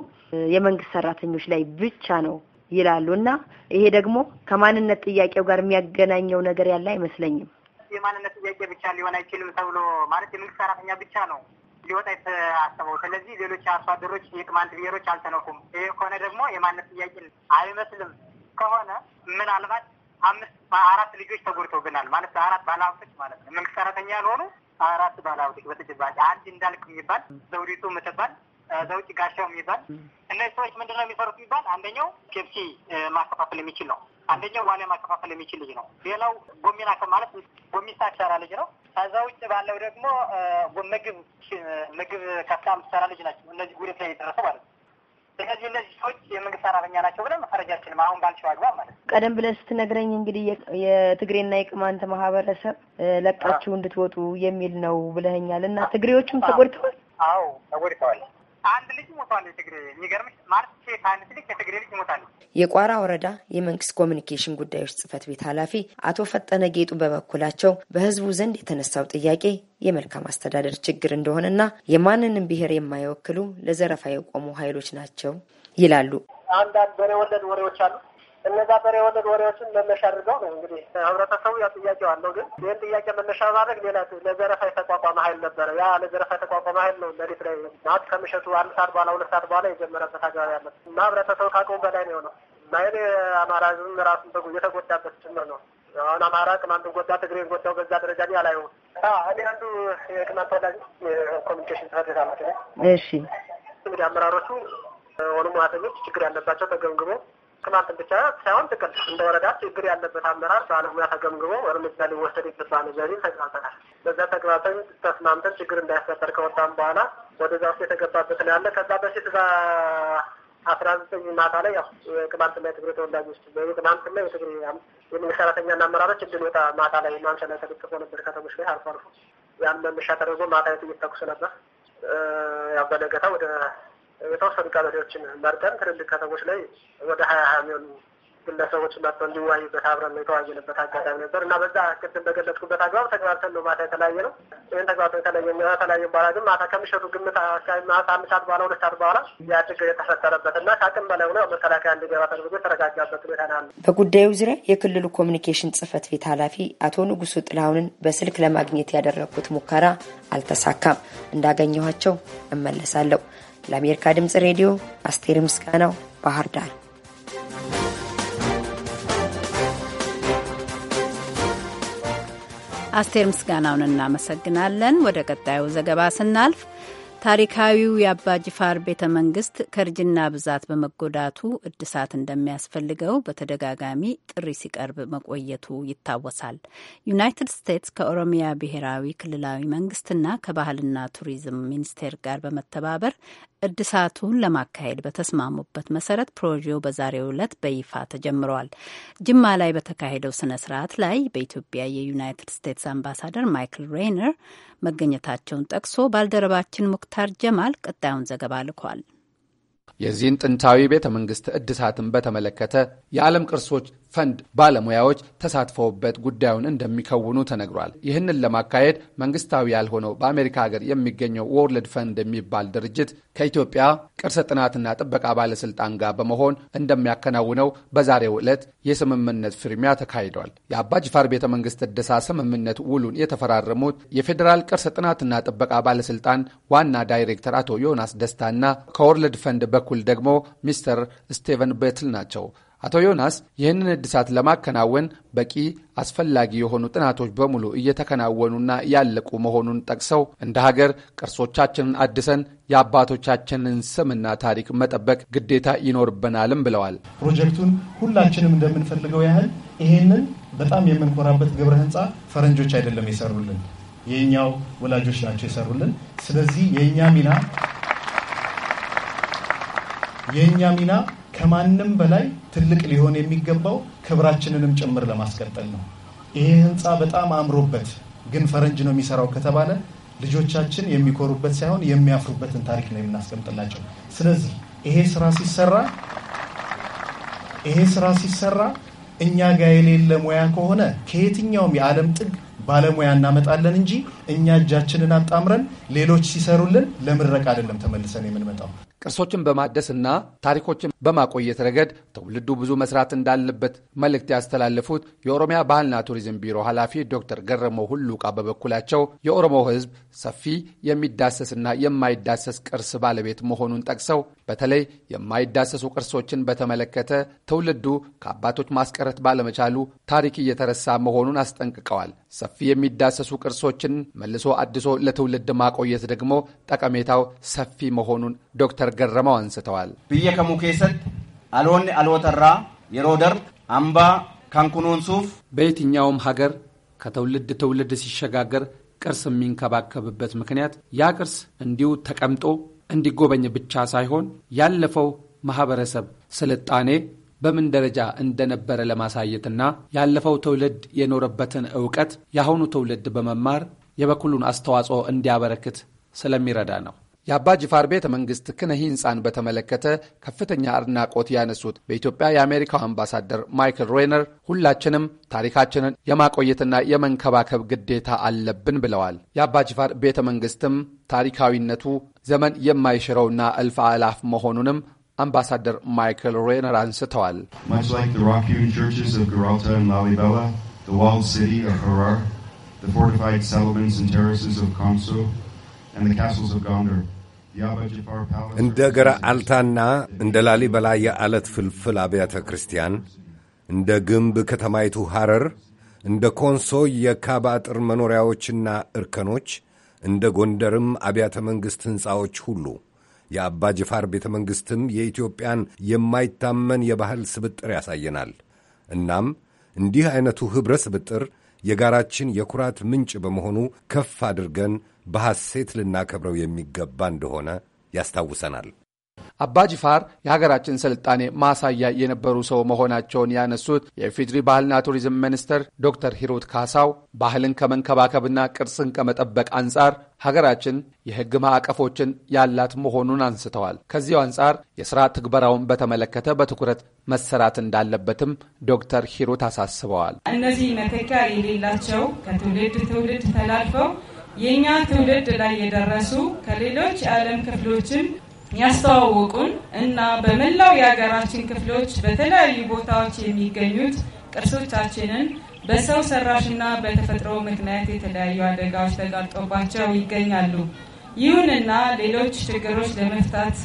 የመንግስት ሰራተኞች ላይ ብቻ ነው ይላሉ እና ይሄ ደግሞ ከማንነት ጥያቄው ጋር የሚያገናኘው ነገር ያለ አይመስለኝም። የማንነት ጥያቄ ብቻ ሊሆን አይችልም ተብሎ ማለት የመንግስት ሰራተኛ ብቻ ነው ሊወጣ የተአሰበው። ስለዚህ ሌሎች አርሶ አደሮች፣ የቅማንት ብሔሮች አልተነኩም። ይሄ ከሆነ ደግሞ የማንነት ጥያቄ አይመስልም። ከሆነ ምናልባት አምስት አራት ልጆች ተጎድተውብናል ማለት አራት ባለሀብቶች ማለት ነው መንግስት ሰራተኛ ያልሆኑ አራት ባለሀብቶች በተጨባጭ አንድ እንዳልክ የሚባል ዘውዲቱ የምትባል ዘውጭ ጋሻው የሚባል እነዚህ ሰዎች ምንድነው የሚሰሩት የሚባል አንደኛው ፔፕሲ ማከፋፈል የሚችል ነው። አንደኛው ዋሊያ ማከፋፈል የሚችል ልጅ ነው። ሌላው ጎሚና ከማለት ጎሚሳ ትሰራ ልጅ ነው። ከዛ ውጭ ባለው ደግሞ ምግብ ምግብ ከፍታ ምትሰራ ልጅ ናቸው። እነዚህ ጉዴት ላይ የደረሰ ማለት ነው። ስለዚህ እነዚህ ሰዎች የመንግስት ሰራተኛ ናቸው ብለን መፈረጃችንም አሁን ባልቸው አግባብ ማለት ነው። ቀደም ብለህ ስትነግረኝ እንግዲህ የትግሬና የቅማንት ማህበረሰብ ለቃችሁ እንድትወጡ የሚል ነው ብለኸኛል እና ትግሬዎቹም ተጎድተዋል። አዎ ተጎድተዋል። አንድ ልጅ ሞቷል። የትግሬ የሚገርምሽ ማርች ከአንድ ልጅ የትግሬ ልጅ ሞታል። የቋራ ወረዳ የመንግስት ኮሚኒኬሽን ጉዳዮች ጽህፈት ቤት ኃላፊ አቶ ፈጠነ ጌጡ በበኩላቸው በህዝቡ ዘንድ የተነሳው ጥያቄ የመልካም አስተዳደር ችግር እንደሆነና የማንንም ብሔር የማይወክሉ ለዘረፋ የቆሙ ኃይሎች ናቸው ይላሉ። አንዳንድ በሬ ወለድ ወሬዎች አሉ እነዛ በሬ የወለድ ወሬዎችን መነሻ አድርገው ነው እንግዲህ ህብረተሰቡ ያ ጥያቄ አለው። ግን ይህን ጥያቄ መነሻ በማድረግ ሌላ ለዘረፋ የተቋቋመ ሀይል ነበረ። ያ ለዘረፋ የተቋቋመ ሀይል ነው ሌሊት ላይ ማት ከምሸቱ አንድ ሰዓት በኋላ ሁለት ሰዓት በኋላ የጀመረበት አገባብ ያለ እና ህብረተሰቡ ካቅሙ በላይ ነው የሆነው እና አማራ ህዝብም ራሱን በጉ የተጎዳበት ጭምር ነው። አሁን አማራ ቅማንቱ ጎዳ፣ ትግሬን ጎዳው በዛ ደረጃ ላይ አላየሁም። እኔ አንዱ የቅማንት ተወላጅ የኮሚኒኬሽን ጽሕፈት ቤት ኃላፊ ነ እሺ እንግዲህ አመራሮቹ ሆኑ ማተኞች ችግር ያለባቸው ተገምግሞ ቅማንት ብቻ ሳይሆን ጥቅል እንደ ወረዳ ችግር ያለበት አመራር ባለሙያ ተገምግቦ እርምጃ ሊወሰድ ይገባል በሚል ተግባብተናል። በዛ ተግባብተን ተስማምተን ችግር እንዳይፈጠር ከወጣም በኋላ ወደዛ ውስጥ የተገባበት ነው ያለ። ከዛ በፊት አስራ ዘጠኝ ማታ ላይ ያው የቅማንትና የትግሬ ተወላጆች የቅማንትና የትግሬ የመንግስት ሰራተኛና አመራሮች እንድንወጣ ማታ ላይ ማምሻ ላይ ተለጥፎ ነበር ከተሞች ላይ አልፎ አልፎ ያን መነሻ ተደርጎ ማታ የጥይት ተኩስ ነበር። ያው በነገታ ወደ የተወሰኑ ቀበሌዎችን መርጠን ትልልቅ ከተሞች ላይ ወደ ሀያ ሀያ የሚሆኑ ግለሰቦች መጥተው እንዲዋዩበት አብረን ነው የተዋየንበት አጋጣሚ ነበር እና በዛ ቅድም በገለጥኩበት አግባብ ተግባርተን ነው ማታ የተለያየ ነው። ይህን ተግባርተን የተለየ ተለያየ በኋላ ግን ማታ ከምሸቱ ግምት ማታ አንድ ሰዓት በኋላ ሁለት ሰዓት በኋላ ያ ችግር የተፈጠረበት እና ከአቅም በላይ ሆነ መከላከያ እንዲገባ ተደርጎ የተረጋጋበት ሁኔታ ነው። በጉዳዩ ዙሪያ የክልሉ ኮሚኒኬሽን ጽሕፈት ቤት ኃላፊ አቶ ንጉሱ ጥላሁንን በስልክ ለማግኘት ያደረግኩት ሙከራ አልተሳካም። እንዳገኘኋቸው እመለሳለሁ። ለአሜሪካ ድምፅ ሬዲዮ አስቴር ምስጋናው ባህር ዳር። አስቴር ምስጋናውን እናመሰግናለን። ወደ ቀጣዩ ዘገባ ስናልፍ ታሪካዊው የአባጅፋር ቤተ መንግስት ከእርጅና ብዛት በመጎዳቱ እድሳት እንደሚያስፈልገው በተደጋጋሚ ጥሪ ሲቀርብ መቆየቱ ይታወሳል። ዩናይትድ ስቴትስ ከኦሮሚያ ብሔራዊ ክልላዊ መንግስትና ከባህልና ቱሪዝም ሚኒስቴር ጋር በመተባበር እድሳቱን ለማካሄድ በተስማሙበት መሰረት ፕሮጀው በዛሬው ዕለት በይፋ ተጀምረዋል። ጅማ ላይ በተካሄደው ስነ ስርዓት ላይ በኢትዮጵያ የዩናይትድ ስቴትስ አምባሳደር ማይክል ሬይነር መገኘታቸውን ጠቅሶ ባልደረባችን ሙክታር ጀማል ቀጣዩን ዘገባ ልኳል። የዚህን ጥንታዊ ቤተ መንግስት እድሳትን በተመለከተ የዓለም ቅርሶች ፈንድ ባለሙያዎች ተሳትፈውበት ጉዳዩን እንደሚከውኑ ተነግሯል። ይህንን ለማካሄድ መንግስታዊ ያልሆነው በአሜሪካ ሀገር የሚገኘው ወርልድ ፈንድ የሚባል ድርጅት ከኢትዮጵያ ቅርስ ጥናትና ጥበቃ ባለስልጣን ጋር በመሆን እንደሚያከናውነው በዛሬው ዕለት የስምምነት ፍርሚያ ተካሂዷል። የአባጅፋር ቤተ መንግስት እደሳ ስምምነት ውሉን የተፈራረሙት የፌዴራል ቅርስ ጥናትና ጥበቃ ባለስልጣን ዋና ዳይሬክተር አቶ ዮናስ ደስታና ከወርልድ ፈንድ በኩል ደግሞ ሚስተር ስቴቨን ቤትል ናቸው። አቶ ዮናስ ይህንን እድሳት ለማከናወን በቂ አስፈላጊ የሆኑ ጥናቶች በሙሉ እየተከናወኑና ያለቁ መሆኑን ጠቅሰው እንደ ሀገር ቅርሶቻችንን አድሰን የአባቶቻችንን ስምና ታሪክ መጠበቅ ግዴታ ይኖርብናልም ብለዋል። ፕሮጀክቱን ሁላችንም እንደምንፈልገው ያህል ይህንን በጣም የምንኮራበት ግብረ ህንፃ ፈረንጆች አይደለም የሰሩልን፣ የእኛው ወላጆች ናቸው የሰሩልን። ስለዚህ የእኛ ሚና የእኛ ሚና ከማንም በላይ ትልቅ ሊሆን የሚገባው ክብራችንንም ጭምር ለማስቀጠል ነው። ይሄ ህንፃ በጣም አምሮበት ግን ፈረንጅ ነው የሚሰራው ከተባለ ልጆቻችን የሚኮሩበት ሳይሆን የሚያፍሩበትን ታሪክ ነው የምናስቀምጥላቸው። ስለዚህ ይሄ ስራ ሲሰራ ይሄ ስራ ሲሰራ እኛ ጋር የሌለ ሙያ ከሆነ ከየትኛውም የዓለም ጥግ ባለሙያ እናመጣለን እንጂ እኛ እጃችንን አጣምረን ሌሎች ሲሰሩልን ለምረቅ አይደለም ተመልሰን የምንመጣው። ቅርሶችን በማደስና ታሪኮችን በማቆየት ረገድ ትውልዱ ብዙ መስራት እንዳለበት መልእክት ያስተላለፉት የኦሮሚያ ባህልና ቱሪዝም ቢሮ ኃላፊ ዶክተር ገረመው ሁሉቃ በበኩላቸው የኦሮሞ ሕዝብ ሰፊ የሚዳሰስና የማይዳሰስ ቅርስ ባለቤት መሆኑን ጠቅሰው በተለይ የማይዳሰሱ ቅርሶችን በተመለከተ ትውልዱ ከአባቶች ማስቀረት ባለመቻሉ ታሪክ እየተረሳ መሆኑን አስጠንቅቀዋል። ሰፊ የሚዳሰሱ ቅርሶችን መልሶ አድሶ ለትውልድ ማቆየት ደግሞ ጠቀሜታው ሰፊ መሆኑን ዶክተር ዶክተር ገረመው አንስተዋል። ብየ ከሙ ኬሰት አልወን አልወተራ የሮ ደርብ አምባ ካንኩኖን ሱፍ በየትኛውም ሀገር ከትውልድ ትውልድ ሲሸጋገር ቅርስ የሚንከባከብበት ምክንያት ያ ቅርስ እንዲሁ ተቀምጦ እንዲጎበኝ ብቻ ሳይሆን ያለፈው ማህበረሰብ ስልጣኔ በምን ደረጃ እንደነበረ ለማሳየትና ያለፈው ትውልድ የኖረበትን እውቀት የአሁኑ ትውልድ በመማር የበኩሉን አስተዋጽኦ እንዲያበረክት ስለሚረዳ ነው። የአባ ጅፋር ቤተ መንግስት ክነሂ ህንፃን በተመለከተ ከፍተኛ አድናቆት ያነሱት በኢትዮጵያ የአሜሪካው አምባሳደር ማይክል ሬነር ሁላችንም ታሪካችንን የማቆየትና የመንከባከብ ግዴታ አለብን ብለዋል። የአባ ጅፋር ቤተ መንግስትም ታሪካዊነቱ ዘመን የማይሽረውና እልፍ አእላፍ መሆኑንም አምባሳደር ማይክል ሬነር አንስተዋል። ላሊበላ እንደ አልታና እንደ ላሊበላ የዓለት ፍልፍል አብያተ ክርስቲያን፣ እንደ ግንብ ከተማይቱ ሐረር፣ እንደ ኮንሶ የካባ አጥር መኖሪያዎችና እርከኖች፣ እንደ ጎንደርም አብያተ መንግሥት ሕንፃዎች ሁሉ የአባ ጅፋር ቤተ መንግሥትም የኢትዮጵያን የማይታመን የባህል ስብጥር ያሳየናል። እናም እንዲህ ዐይነቱ ኅብረ ስብጥር የጋራችን የኩራት ምንጭ በመሆኑ ከፍ አድርገን በሐሴት ልናከብረው የሚገባ እንደሆነ ያስታውሰናል። አባጅፋር የሀገራችን ስልጣኔ ማሳያ የነበሩ ሰው መሆናቸውን ያነሱት የኢፌዴሪ ባህልና ቱሪዝም ሚኒስትር ዶክተር ሂሩት ካሳው ባህልን ከመንከባከብና ቅርስን ከመጠበቅ አንጻር ሀገራችን የሕግ ማዕቀፎችን ያላት መሆኑን አንስተዋል። ከዚያው አንጻር የሥራ ትግበራውን በተመለከተ በትኩረት መሰራት እንዳለበትም ዶክተር ሂሩት አሳስበዋል። እነዚህ መተኪያ የሌላቸው ከትውልድ ትውልድ ተላልፈው የእኛ ትውልድ ላይ የደረሱ ከሌሎች የዓለም ክፍሎችን ያስተዋወቁን እና በመላው የሀገራችን ክፍሎች በተለያዩ ቦታዎች የሚገኙት ቅርሶቻችንን በሰው ሰራሽና በተፈጥሮ ምክንያት የተለያዩ አደጋዎች ተጋልጦባቸው ይገኛሉ። ይሁንና ሌሎች ችግሮች ለመፍታት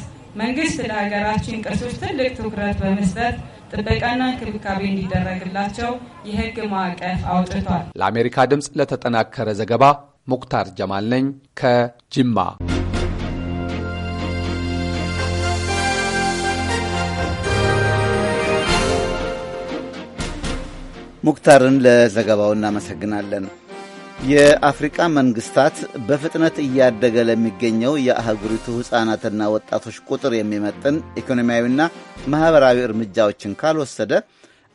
መንግስት ለሀገራችን ቅርሶች ትልቅ ትኩረት በመስጠት ጥበቃና እንክብካቤ እንዲደረግላቸው የህግ ማዕቀፍ አውጥቷል። ለአሜሪካ ድምፅ ለተጠናከረ ዘገባ ሙክታር ጀማል ነኝ ከጅማ ሙክታርን ለዘገባው እናመሰግናለን። የአፍሪቃ መንግስታት በፍጥነት እያደገ ለሚገኘው የአህጉሪቱ ሕፃናትና ወጣቶች ቁጥር የሚመጥን ኢኮኖሚያዊና ማኅበራዊ እርምጃዎችን ካልወሰደ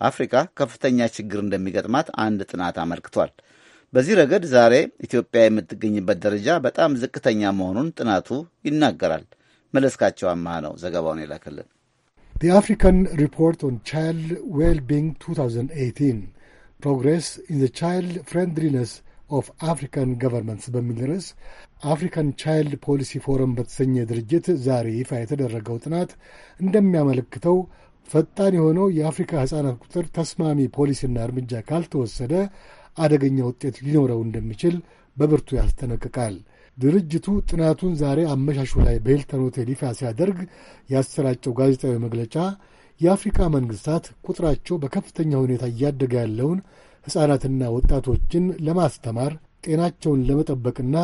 አፍሪካ ከፍተኛ ችግር እንደሚገጥማት አንድ ጥናት አመልክቷል። በዚህ ረገድ ዛሬ ኢትዮጵያ የምትገኝበት ደረጃ በጣም ዝቅተኛ መሆኑን ጥናቱ ይናገራል። መለስካቸው አማሃ ነው ዘገባውን የላከልን። The African Report on Child 2018 ፕሮግሬስ ኢን ዘ ቻይልድ ፍሬንድሊነስ ኦፍ አፍሪካን ገቨርንመንትስ በሚል ርዕስ አፍሪካን ቻይልድ ፖሊሲ ፎረም በተሰኘ ድርጅት ዛሬ ይፋ የተደረገው ጥናት እንደሚያመለክተው ፈጣን የሆነው የአፍሪካ ሕፃናት ቁጥር ተስማሚ ፖሊሲና እርምጃ ካልተወሰደ አደገኛ ውጤት ሊኖረው እንደሚችል በብርቱ ያስጠነቅቃል። ድርጅቱ ጥናቱን ዛሬ አመሻሹ ላይ በሂልተን ሆቴል ይፋ ሲያደርግ ያሰራጨው ጋዜጣዊ መግለጫ የአፍሪካ መንግስታት ቁጥራቸው በከፍተኛ ሁኔታ እያደገ ያለውን ሕፃናትና ወጣቶችን ለማስተማር ጤናቸውን ለመጠበቅና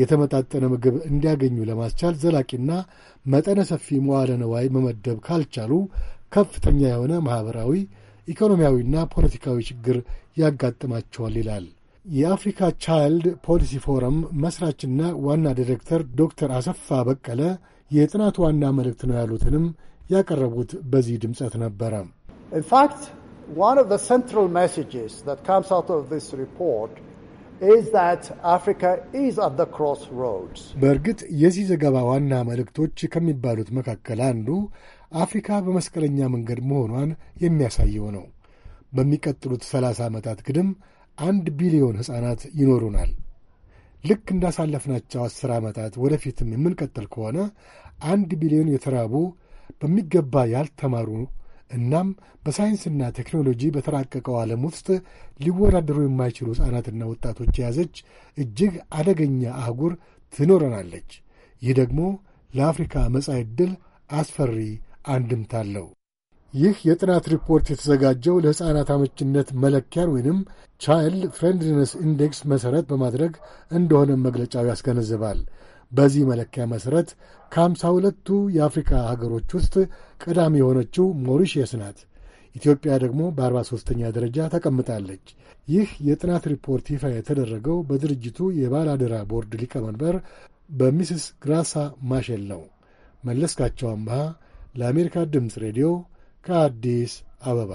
የተመጣጠነ ምግብ እንዲያገኙ ለማስቻል ዘላቂና መጠነ ሰፊ መዋለ ነዋይ መመደብ ካልቻሉ ከፍተኛ የሆነ ማኅበራዊ ኢኮኖሚያዊና ፖለቲካዊ ችግር ያጋጥማቸዋል ይላል። የአፍሪካ ቻይልድ ፖሊሲ ፎረም መሥራችና ዋና ዲሬክተር ዶክተር አሰፋ በቀለ የጥናቱ ዋና መልእክት ነው ያሉትንም ያቀረቡት በዚህ ድምፀት ነበረ። በእርግጥ የዚህ ዘገባ ዋና መልእክቶች ከሚባሉት መካከል አንዱ አፍሪካ በመስቀለኛ መንገድ መሆኗን የሚያሳየው ነው። በሚቀጥሉት 30 ዓመታት ግድም አንድ ቢሊዮን ሕፃናት ይኖሩናል። ልክ እንዳሳለፍናቸው አስር ዓመታት ወደፊትም የምንቀጥል ከሆነ አንድ ቢሊዮን የተራቡ በሚገባ ያልተማሩ እናም በሳይንስና ቴክኖሎጂ በተራቀቀው ዓለም ውስጥ ሊወዳደሩ የማይችሉ ሕፃናትና ወጣቶች የያዘች እጅግ አደገኛ አህጉር ትኖረናለች። ይህ ደግሞ ለአፍሪካ መጻኢ ዕድል አስፈሪ አንድምታ አለው። ይህ የጥናት ሪፖርት የተዘጋጀው ለሕፃናት አመችነት መለኪያን ወይንም ቻይልድ ፍሬንድሊነስ ኢንዴክስ መሠረት በማድረግ እንደሆነ መግለጫው ያስገነዝባል። በዚህ መለኪያ መሠረት ከአምሳ ሁለቱ የአፍሪካ ሀገሮች ውስጥ ቀዳሚ የሆነችው ሞሪሽየስ ናት። ኢትዮጵያ ደግሞ በአርባ ሦስተኛ ደረጃ ተቀምጣለች። ይህ የጥናት ሪፖርት ይፋ የተደረገው በድርጅቱ የባላደራ ቦርድ ሊቀመንበር በሚስስ ግራሳ ማሸል ነው። መለስካቸው አምሃ ለአሜሪካ ድምፅ ሬዲዮ ከአዲስ አበባ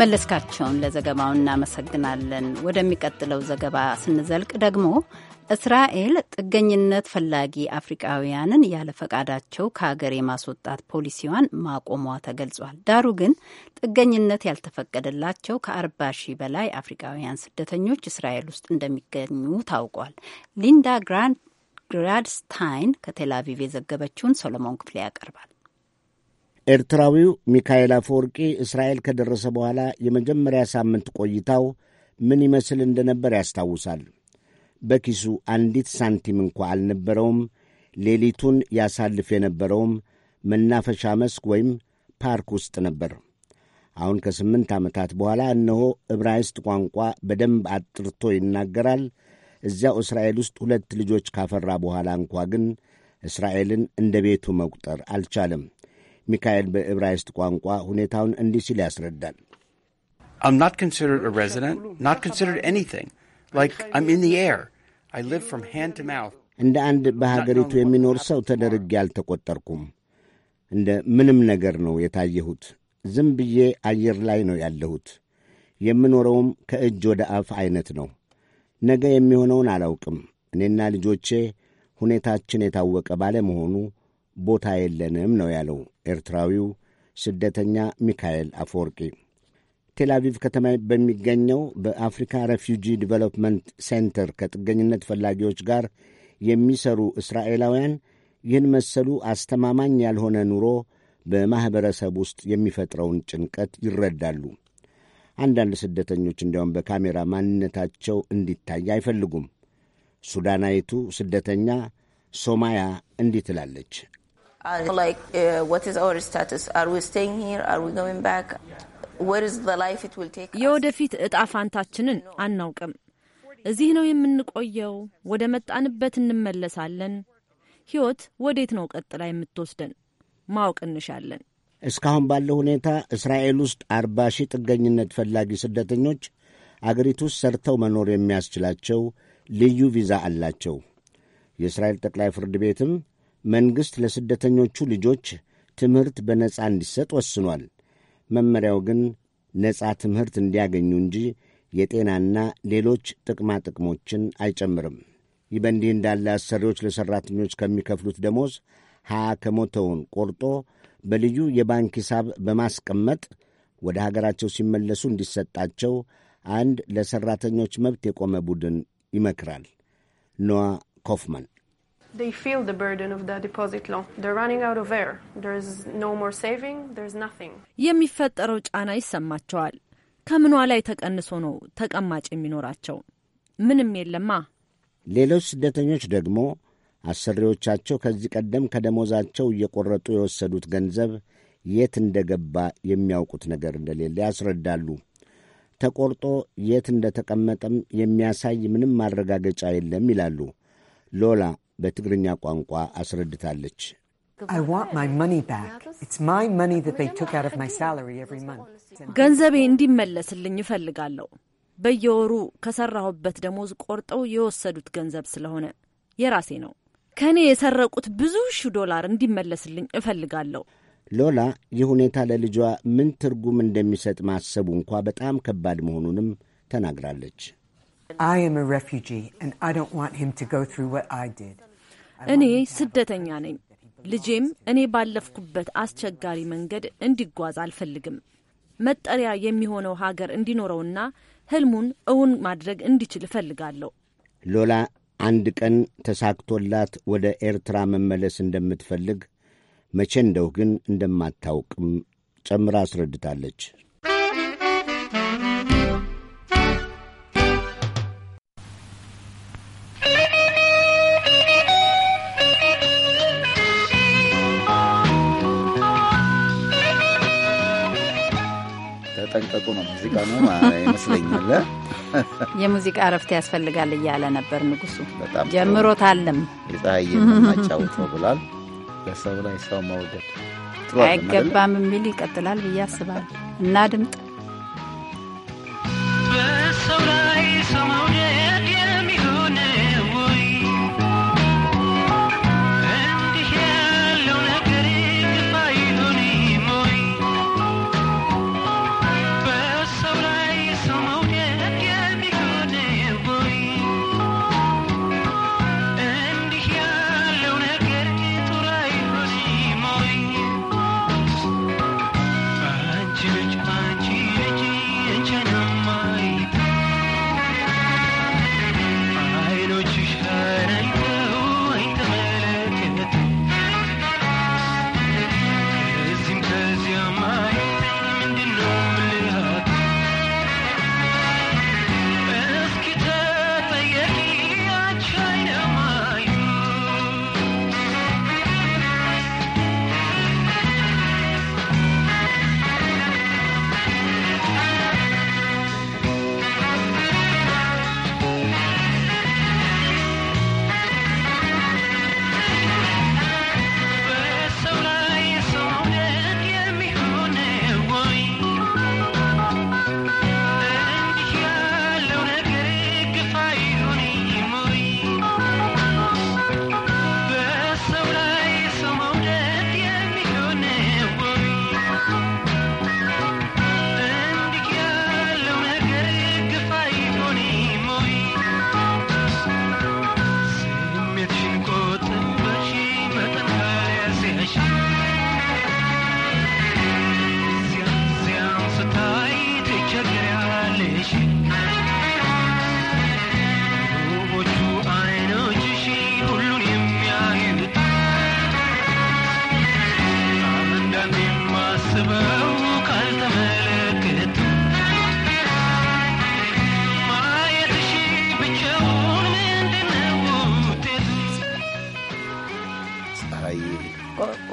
መለስካቸውን ለዘገባው እናመሰግናለን። ወደሚቀጥለው ዘገባ ስንዘልቅ ደግሞ እስራኤል ጥገኝነት ፈላጊ አፍሪቃውያንን ያለ ፈቃዳቸው ከሀገር የማስወጣት ፖሊሲዋን ማቆሟ ተገልጿል። ዳሩ ግን ጥገኝነት ያልተፈቀደላቸው ከአርባ ሺህ በላይ አፍሪቃውያን ስደተኞች እስራኤል ውስጥ እንደሚገኙ ታውቋል። ሊንዳ ግራድስታይን ከቴል አቪቭ የዘገበችውን ሶሎሞን ክፍሌ ያቀርባል። ኤርትራዊው ሚካኤል አፈወርቂ እስራኤል ከደረሰ በኋላ የመጀመሪያ ሳምንት ቆይታው ምን ይመስል እንደነበር ያስታውሳል። በኪሱ አንዲት ሳንቲም እንኳ አልነበረውም። ሌሊቱን ያሳልፍ የነበረውም መናፈሻ መስክ ወይም ፓርክ ውስጥ ነበር። አሁን ከስምንት ዓመታት በኋላ እነሆ ዕብራይስጥ ቋንቋ በደንብ አጥርቶ ይናገራል። እዚያው እስራኤል ውስጥ ሁለት ልጆች ካፈራ በኋላ እንኳ ግን እስራኤልን እንደ ቤቱ መቁጠር አልቻለም። ሚካኤል በዕብራይስጥ ቋንቋ ሁኔታውን እንዲህ ሲል ያስረዳል። እንደ አንድ በሀገሪቱ የሚኖር ሰው ተደርጌ አልተቆጠርኩም። እንደ ምንም ነገር ነው የታየሁት። ዝም ብዬ አየር ላይ ነው ያለሁት። የምኖረውም ከእጅ ወደ አፍ አይነት ነው። ነገ የሚሆነውን አላውቅም። እኔና ልጆቼ ሁኔታችን የታወቀ ባለመሆኑ ቦታ የለንም ነው ያለው ኤርትራዊው ስደተኛ ሚካኤል አፈወርቂ። ቴልአቪቭ ከተማ በሚገኘው በአፍሪካ ሬፊውጂ ዲቨሎፕመንት ሴንተር ከጥገኝነት ፈላጊዎች ጋር የሚሰሩ እስራኤላውያን ይህን መሰሉ አስተማማኝ ያልሆነ ኑሮ በማኅበረሰብ ውስጥ የሚፈጥረውን ጭንቀት ይረዳሉ። አንዳንድ ስደተኞች እንዲያውም በካሜራ ማንነታቸው እንዲታይ አይፈልጉም። ሱዳናዊቱ ስደተኛ ሶማያ እንዲህ ትላለች። Like, uh, what is our status? Are we staying here? Are we going back? Where is the life it will take us? የወደፊት እጣ ፋንታችንን አናውቅም። እዚህ ነው የምንቆየው? ወደ መጣንበት እንመለሳለን? ህይወት ወዴት ነው ቀጥላ የምትወስደን? ማወቅ እንሻለን። እስካሁን ባለው ሁኔታ እስራኤል ውስጥ አርባ ሺህ ጥገኝነት ፈላጊ ስደተኞች አገሪቱ ውስጥ ሰርተው መኖር የሚያስችላቸው ልዩ ቪዛ አላቸው። የእስራኤል ጠቅላይ ፍርድ ቤትም መንግሥት ለስደተኞቹ ልጆች ትምህርት በነጻ እንዲሰጥ ወስኗል። መመሪያው ግን ነጻ ትምህርት እንዲያገኙ እንጂ የጤናና ሌሎች ጥቅማ ጥቅሞችን አይጨምርም። ይህ በእንዲህ እንዳለ አሰሪዎች ለሠራተኞች ከሚከፍሉት ደሞዝ ሀያ ከመቶውን ቆርጦ በልዩ የባንክ ሂሳብ በማስቀመጥ ወደ ሀገራቸው ሲመለሱ እንዲሰጣቸው አንድ ለሠራተኞች መብት የቆመ ቡድን ይመክራል። ኖዋ ኮፍማን they feel the burden of the deposit law. They're running out of air. There's no more saving, there's nothing. የሚፈጠረው ጫና ይሰማቸዋል። ከምኗ ላይ ተቀንሶ ነው ተቀማጭ የሚኖራቸው? ምንም የለማ። ሌሎች ስደተኞች ደግሞ አሰሪዎቻቸው ከዚህ ቀደም ከደሞዛቸው እየቆረጡ የወሰዱት ገንዘብ የት እንደገባ የሚያውቁት ነገር እንደሌለ ያስረዳሉ። ተቆርጦ የት እንደተቀመጠም የሚያሳይ ምንም ማረጋገጫ የለም ይላሉ። ሎላ በትግርኛ ቋንቋ አስረድታለች። ገንዘቤ እንዲመለስልኝ እፈልጋለሁ። በየወሩ ከሰራሁበት ደሞዝ ቆርጠው የወሰዱት ገንዘብ ስለሆነ የራሴ ነው። ከእኔ የሰረቁት ብዙ ሺ ዶላር እንዲመለስልኝ እፈልጋለሁ። ሎላ ይህ ሁኔታ ለልጇ ምን ትርጉም እንደሚሰጥ ማሰቡ እንኳ በጣም ከባድ መሆኑንም ተናግራለች። እኔ ስደተኛ ነኝ። ልጄም እኔ ባለፍኩበት አስቸጋሪ መንገድ እንዲጓዝ አልፈልግም። መጠሪያ የሚሆነው ሀገር እንዲኖረውና ህልሙን እውን ማድረግ እንዲችል እፈልጋለሁ። ሎላ አንድ ቀን ተሳክቶላት ወደ ኤርትራ መመለስ እንደምትፈልግ መቼ እንደው ግን እንደማታውቅም ጨምራ አስረድታለች። ተጠንቀቁ ነው ሙዚቃ ነው ይመስለኛል። የሙዚቃ እረፍት ያስፈልጋል እያለ ነበር ንጉሱ። ጀምሮታልም የፀሐይ የምናጫውተው *laughs* ብሏል። ለሰው ላይ ሰው መውደድ አይገባም የሚል ይቀጥላል ብዬ አስባለሁ እና ድምጥ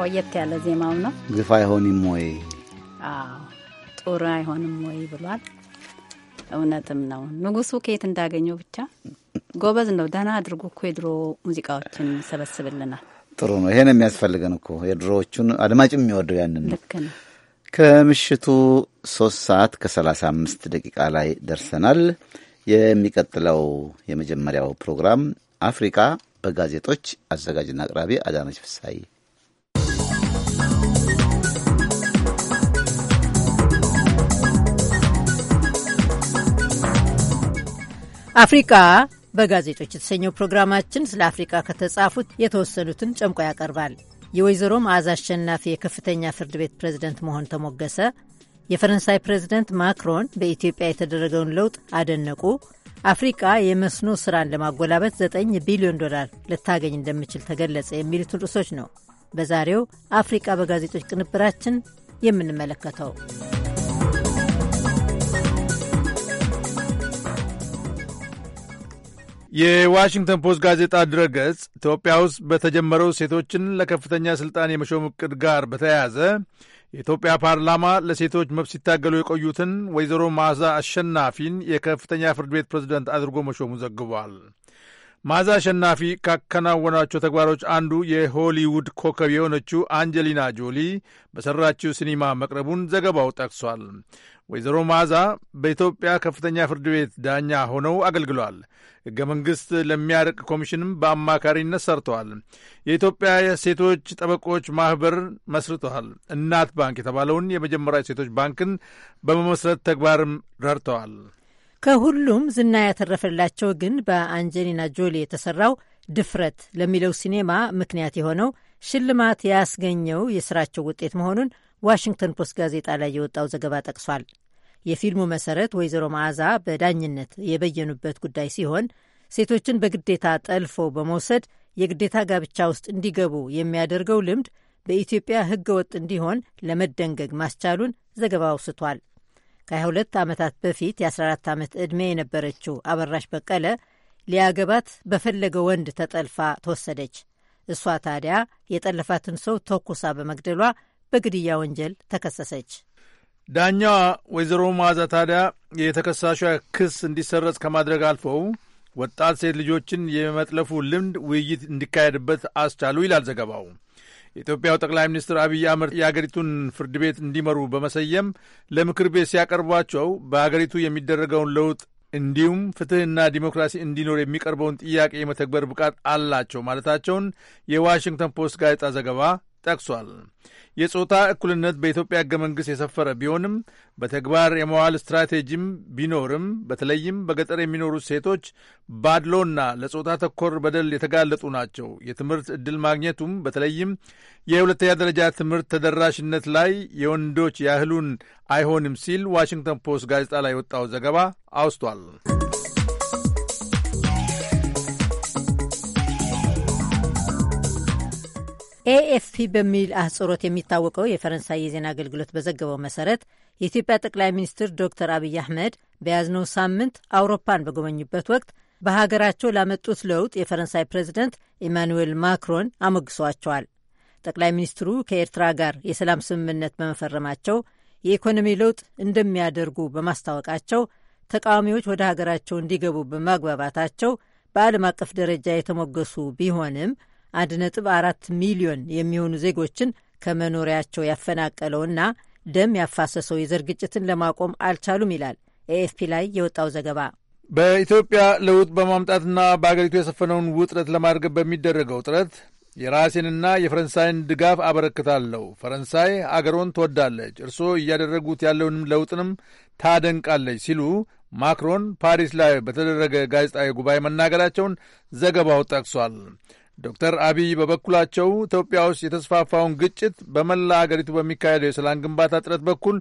ቆየት ያለ ዜማው ነው። ግፍ አይሆንም ወይ ጦር አይሆንም ወይ ብሏል። እውነትም ነው። ንጉሱ ከየት እንዳገኘው ብቻ ጎበዝ ነው። ደህና አድርጎ እኮ የድሮ ሙዚቃዎችን ይሰበስብልናል። ጥሩ ነው። ይሄን የሚያስፈልገን እኮ የድሮዎቹን አድማጭም የሚወደው ያንን ነው። ልክ ነው። ከምሽቱ ሶስት ሰዓት ከሰላሳ አምስት ደቂቃ ላይ ደርሰናል። የሚቀጥለው የመጀመሪያው ፕሮግራም አፍሪካ በጋዜጦች አዘጋጅና አቅራቢ አዳነች ፍሳይ አፍሪካ በጋዜጦች የተሰኘው ፕሮግራማችን ስለ አፍሪካ ከተጻፉት የተወሰኑትን ጨምቆ ያቀርባል። የወይዘሮ መዓዛ አሸናፊ የከፍተኛ ፍርድ ቤት ፕሬዝደንት መሆን ተሞገሰ። የፈረንሳይ ፕሬዝደንት ማክሮን በኢትዮጵያ የተደረገውን ለውጥ አደነቁ። አፍሪቃ የመስኖ ስራን ለማጎላበት 9 ቢሊዮን ዶላር ልታገኝ እንደምችል ተገለጸ። የሚሉት ርዕሶች ነው በዛሬው አፍሪቃ በጋዜጦች ቅንብራችን የምንመለከተው። የዋሽንግተን ፖስት ጋዜጣ ድረገጽ ኢትዮጵያ ውስጥ በተጀመረው ሴቶችን ለከፍተኛ ስልጣን የመሾም እቅድ ጋር በተያያዘ የኢትዮጵያ ፓርላማ ለሴቶች መብት ሲታገሉ የቆዩትን ወይዘሮ ማዛ አሸናፊን የከፍተኛ ፍርድ ቤት ፕሬዝደንት አድርጎ መሾሙ ዘግቧል። ማዛ አሸናፊ ካከናወናቸው ተግባሮች አንዱ የሆሊውድ ኮከብ የሆነችው አንጀሊና ጆሊ በሠራችው ሲኒማ መቅረቡን ዘገባው ጠቅሷል። ወይዘሮ ማዛ በኢትዮጵያ ከፍተኛ ፍርድ ቤት ዳኛ ሆነው አገልግሏል። ሕገ መንግሥት ለሚያርቅ ኮሚሽንም በአማካሪነት ሰርተዋል። የኢትዮጵያ የሴቶች ጠበቆች ማኅበር መስርተዋል። እናት ባንክ የተባለውን የመጀመሪያ ሴቶች ባንክን በመመስረት ተግባርም ረድተዋል። ከሁሉም ዝና ያተረፈላቸው ግን በአንጀሊና ጆሊ የተሰራው ድፍረት ለሚለው ሲኔማ ምክንያት የሆነው ሽልማት ያስገኘው የስራቸው ውጤት መሆኑን ዋሽንግተን ፖስት ጋዜጣ ላይ የወጣው ዘገባ ጠቅሷል። የፊልሙ መሰረት ወይዘሮ መዓዛ በዳኝነት የበየኑበት ጉዳይ ሲሆን ሴቶችን በግዴታ ጠልፎ በመውሰድ የግዴታ ጋብቻ ውስጥ እንዲገቡ የሚያደርገው ልምድ በኢትዮጵያ ሕገ ወጥ እንዲሆን ለመደንገግ ማስቻሉን ዘገባ አውስቷል። ከ22 ዓመታት በፊት የ14 ዓመት ዕድሜ የነበረችው አበራሽ በቀለ ሊያገባት በፈለገ ወንድ ተጠልፋ ተወሰደች። እሷ ታዲያ የጠለፋትን ሰው ተኩሳ በመግደሏ በግድያ ወንጀል ተከሰሰች። ዳኛዋ ወይዘሮ መዓዛ ታዲያ የተከሳሿ ክስ እንዲሰረዝ ከማድረግ አልፈው ወጣት ሴት ልጆችን የመጥለፉ ልምድ ውይይት እንዲካሄድበት አስቻሉ ይላል ዘገባው። የኢትዮጵያው ጠቅላይ ሚኒስትር አብይ አህመድ የአገሪቱን ፍርድ ቤት እንዲመሩ በመሰየም ለምክር ቤት ሲያቀርቧቸው በአገሪቱ የሚደረገውን ለውጥ እንዲሁም ፍትህና ዲሞክራሲ እንዲኖር የሚቀርበውን ጥያቄ የመተግበር ብቃት አላቸው ማለታቸውን የዋሽንግተን ፖስት ጋዜጣ ዘገባ ጠቅሷል። የጾታ እኩልነት በኢትዮጵያ ሕገ መንግሥት የሰፈረ ቢሆንም በተግባር የመዋል ስትራቴጂም ቢኖርም በተለይም በገጠር የሚኖሩት ሴቶች ባድሎና ለጾታ ተኮር በደል የተጋለጡ ናቸው። የትምህርት ዕድል ማግኘቱም በተለይም የሁለተኛ ደረጃ ትምህርት ተደራሽነት ላይ የወንዶች ያህሉን አይሆንም ሲል ዋሽንግተን ፖስት ጋዜጣ ላይ የወጣው ዘገባ አውስቷል። ኤኤፍፒ በሚል አህጽሮት የሚታወቀው የፈረንሳይ የዜና አገልግሎት በዘገበው መሰረት የኢትዮጵያ ጠቅላይ ሚኒስትር ዶክተር አብይ አህመድ በያዝነው ሳምንት አውሮፓን በጎበኙበት ወቅት በሀገራቸው ላመጡት ለውጥ የፈረንሳይ ፕሬዚደንት ኢማኑዌል ማክሮን አሞግሷቸዋል። ጠቅላይ ሚኒስትሩ ከኤርትራ ጋር የሰላም ስምምነት በመፈረማቸው የኢኮኖሚ ለውጥ እንደሚያደርጉ በማስታወቃቸው፣ ተቃዋሚዎች ወደ ሀገራቸው እንዲገቡ በማግባባታቸው በዓለም አቀፍ ደረጃ የተሞገሱ ቢሆንም አንድ ነጥብ አራት ሚሊዮን የሚሆኑ ዜጎችን ከመኖሪያቸው ያፈናቀለውና ደም ያፋሰሰው የዘር ግጭትን ለማቆም አልቻሉም ይላል ኤኤፍፒ ላይ የወጣው ዘገባ። በኢትዮጵያ ለውጥ በማምጣትና በአገሪቱ የሰፈነውን ውጥረት ለማርገብ በሚደረገው ጥረት የራሴንና የፈረንሳይን ድጋፍ አበረክታለሁ። ፈረንሳይ አገሮን ትወዳለች፣ እርስዎ እያደረጉት ያለውንም ለውጥንም ታደንቃለች ሲሉ ማክሮን ፓሪስ ላይ በተደረገ ጋዜጣዊ ጉባኤ መናገራቸውን ዘገባው ጠቅሷል። ዶክተር አብይ በበኩላቸው ኢትዮጵያ ውስጥ የተስፋፋውን ግጭት በመላ አገሪቱ በሚካሄደው የሰላም ግንባታ ጥረት በኩል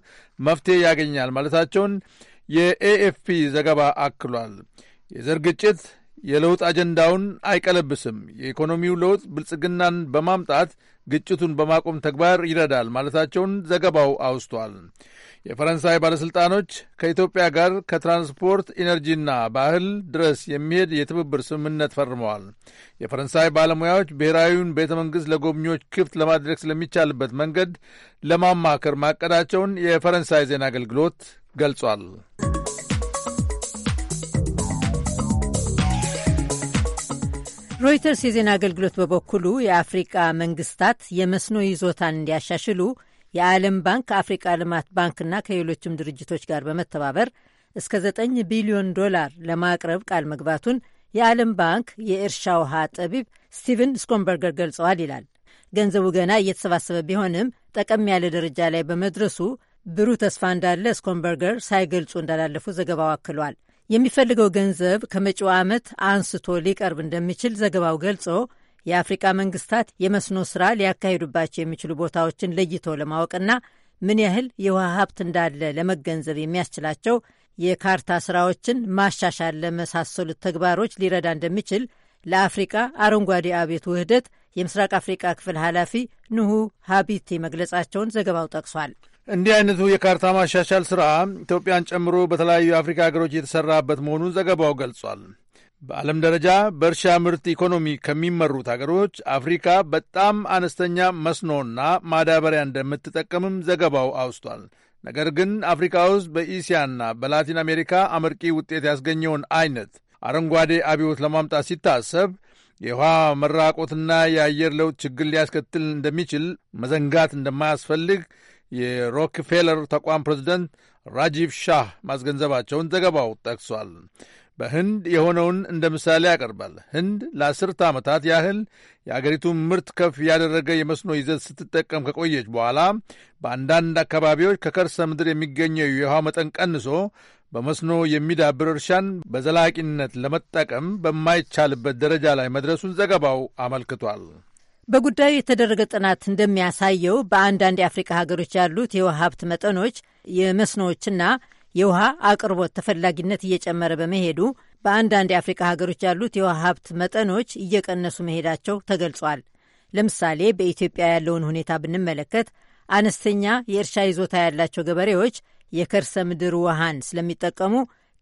መፍትሄ ያገኛል ማለታቸውን የኤኤፍፒ ዘገባ አክሏል። የዘር ግጭት የለውጥ አጀንዳውን አይቀለብስም፣ የኢኮኖሚው ለውጥ ብልጽግናን በማምጣት ግጭቱን በማቆም ተግባር ይረዳል ማለታቸውን ዘገባው አውስቷል። የፈረንሳይ ባለሥልጣኖች ከኢትዮጵያ ጋር ከትራንስፖርት ኢነርጂና ባህል ድረስ የሚሄድ የትብብር ስምምነት ፈርመዋል። የፈረንሳይ ባለሙያዎች ብሔራዊውን ቤተ መንግሥት ለጎብኚዎች ክፍት ለማድረግ ስለሚቻልበት መንገድ ለማማከር ማቀዳቸውን የፈረንሳይ ዜና አገልግሎት ገልጿል። ሮይተርስ የዜና አገልግሎት በበኩሉ የአፍሪቃ መንግስታት የመስኖ ይዞታን እንዲያሻሽሉ የዓለም ባንክ ከአፍሪቃ ልማት ባንክና ከሌሎችም ድርጅቶች ጋር በመተባበር እስከ 9 ቢሊዮን ዶላር ለማቅረብ ቃል መግባቱን የዓለም ባንክ የእርሻ ውሃ ጠቢብ ስቲቨን ስኮምበርገር ገልጸዋል ይላል። ገንዘቡ ገና እየተሰባሰበ ቢሆንም ጠቀም ያለ ደረጃ ላይ በመድረሱ ብሩህ ተስፋ እንዳለ ስኮምበርገር ሳይገልጹ እንዳላለፉ ዘገባው አክሏል። የሚፈልገው ገንዘብ ከመጪው ዓመት አንስቶ ሊቀርብ እንደሚችል ዘገባው ገልጾ የአፍሪቃ መንግስታት የመስኖ ስራ ሊያካሂዱባቸው የሚችሉ ቦታዎችን ለይቶ ለማወቅና ምን ያህል የውሃ ሀብት እንዳለ ለመገንዘብ የሚያስችላቸው የካርታ ስራዎችን ማሻሻል ለመሳሰሉት ተግባሮች ሊረዳ እንደሚችል ለአፍሪቃ አረንጓዴ አቤት ውህደት የምስራቅ አፍሪቃ ክፍል ኃላፊ ንሁ ሀቢቴ መግለጻቸውን ዘገባው ጠቅሷል። እንዲህ አይነቱ የካርታ ማሻሻል ስራ ኢትዮጵያን ጨምሮ በተለያዩ የአፍሪካ ሀገሮች የተሰራበት መሆኑን ዘገባው ገልጿል። በዓለም ደረጃ በእርሻ ምርት ኢኮኖሚ ከሚመሩት አገሮች አፍሪካ በጣም አነስተኛ መስኖና ማዳበሪያ እንደምትጠቀምም ዘገባው አውስቷል። ነገር ግን አፍሪካ ውስጥ በኢስያና በላቲን አሜሪካ አመርቂ ውጤት ያስገኘውን አይነት አረንጓዴ አብዮት ለማምጣት ሲታሰብ የውሃ መራቆትና የአየር ለውጥ ችግር ሊያስከትል እንደሚችል መዘንጋት እንደማያስፈልግ የሮክፌለር ተቋም ፕሬዚደንት ራጂቭ ሻህ ማስገንዘባቸውን ዘገባው ጠቅሷል። በህንድ የሆነውን እንደ ምሳሌ ያቀርባል። ህንድ ለአስርተ ዓመታት ያህል የአገሪቱን ምርት ከፍ ያደረገ የመስኖ ይዘት ስትጠቀም ከቆየች በኋላ በአንዳንድ አካባቢዎች ከከርሰ ምድር የሚገኘው የውሃ መጠን ቀንሶ በመስኖ የሚዳብር እርሻን በዘላቂነት ለመጠቀም በማይቻልበት ደረጃ ላይ መድረሱን ዘገባው አመልክቷል። በጉዳዩ የተደረገ ጥናት እንደሚያሳየው በአንዳንድ የአፍሪካ ሀገሮች ያሉት የውሃ ሀብት መጠኖች የመስኖዎችና የውሃ አቅርቦት ተፈላጊነት እየጨመረ በመሄዱ በአንዳንድ የአፍሪካ ሀገሮች ያሉት የውሃ ሀብት መጠኖች እየቀነሱ መሄዳቸው ተገልጿል። ለምሳሌ በኢትዮጵያ ያለውን ሁኔታ ብንመለከት አነስተኛ የእርሻ ይዞታ ያላቸው ገበሬዎች የከርሰ ምድር ውሃን ስለሚጠቀሙ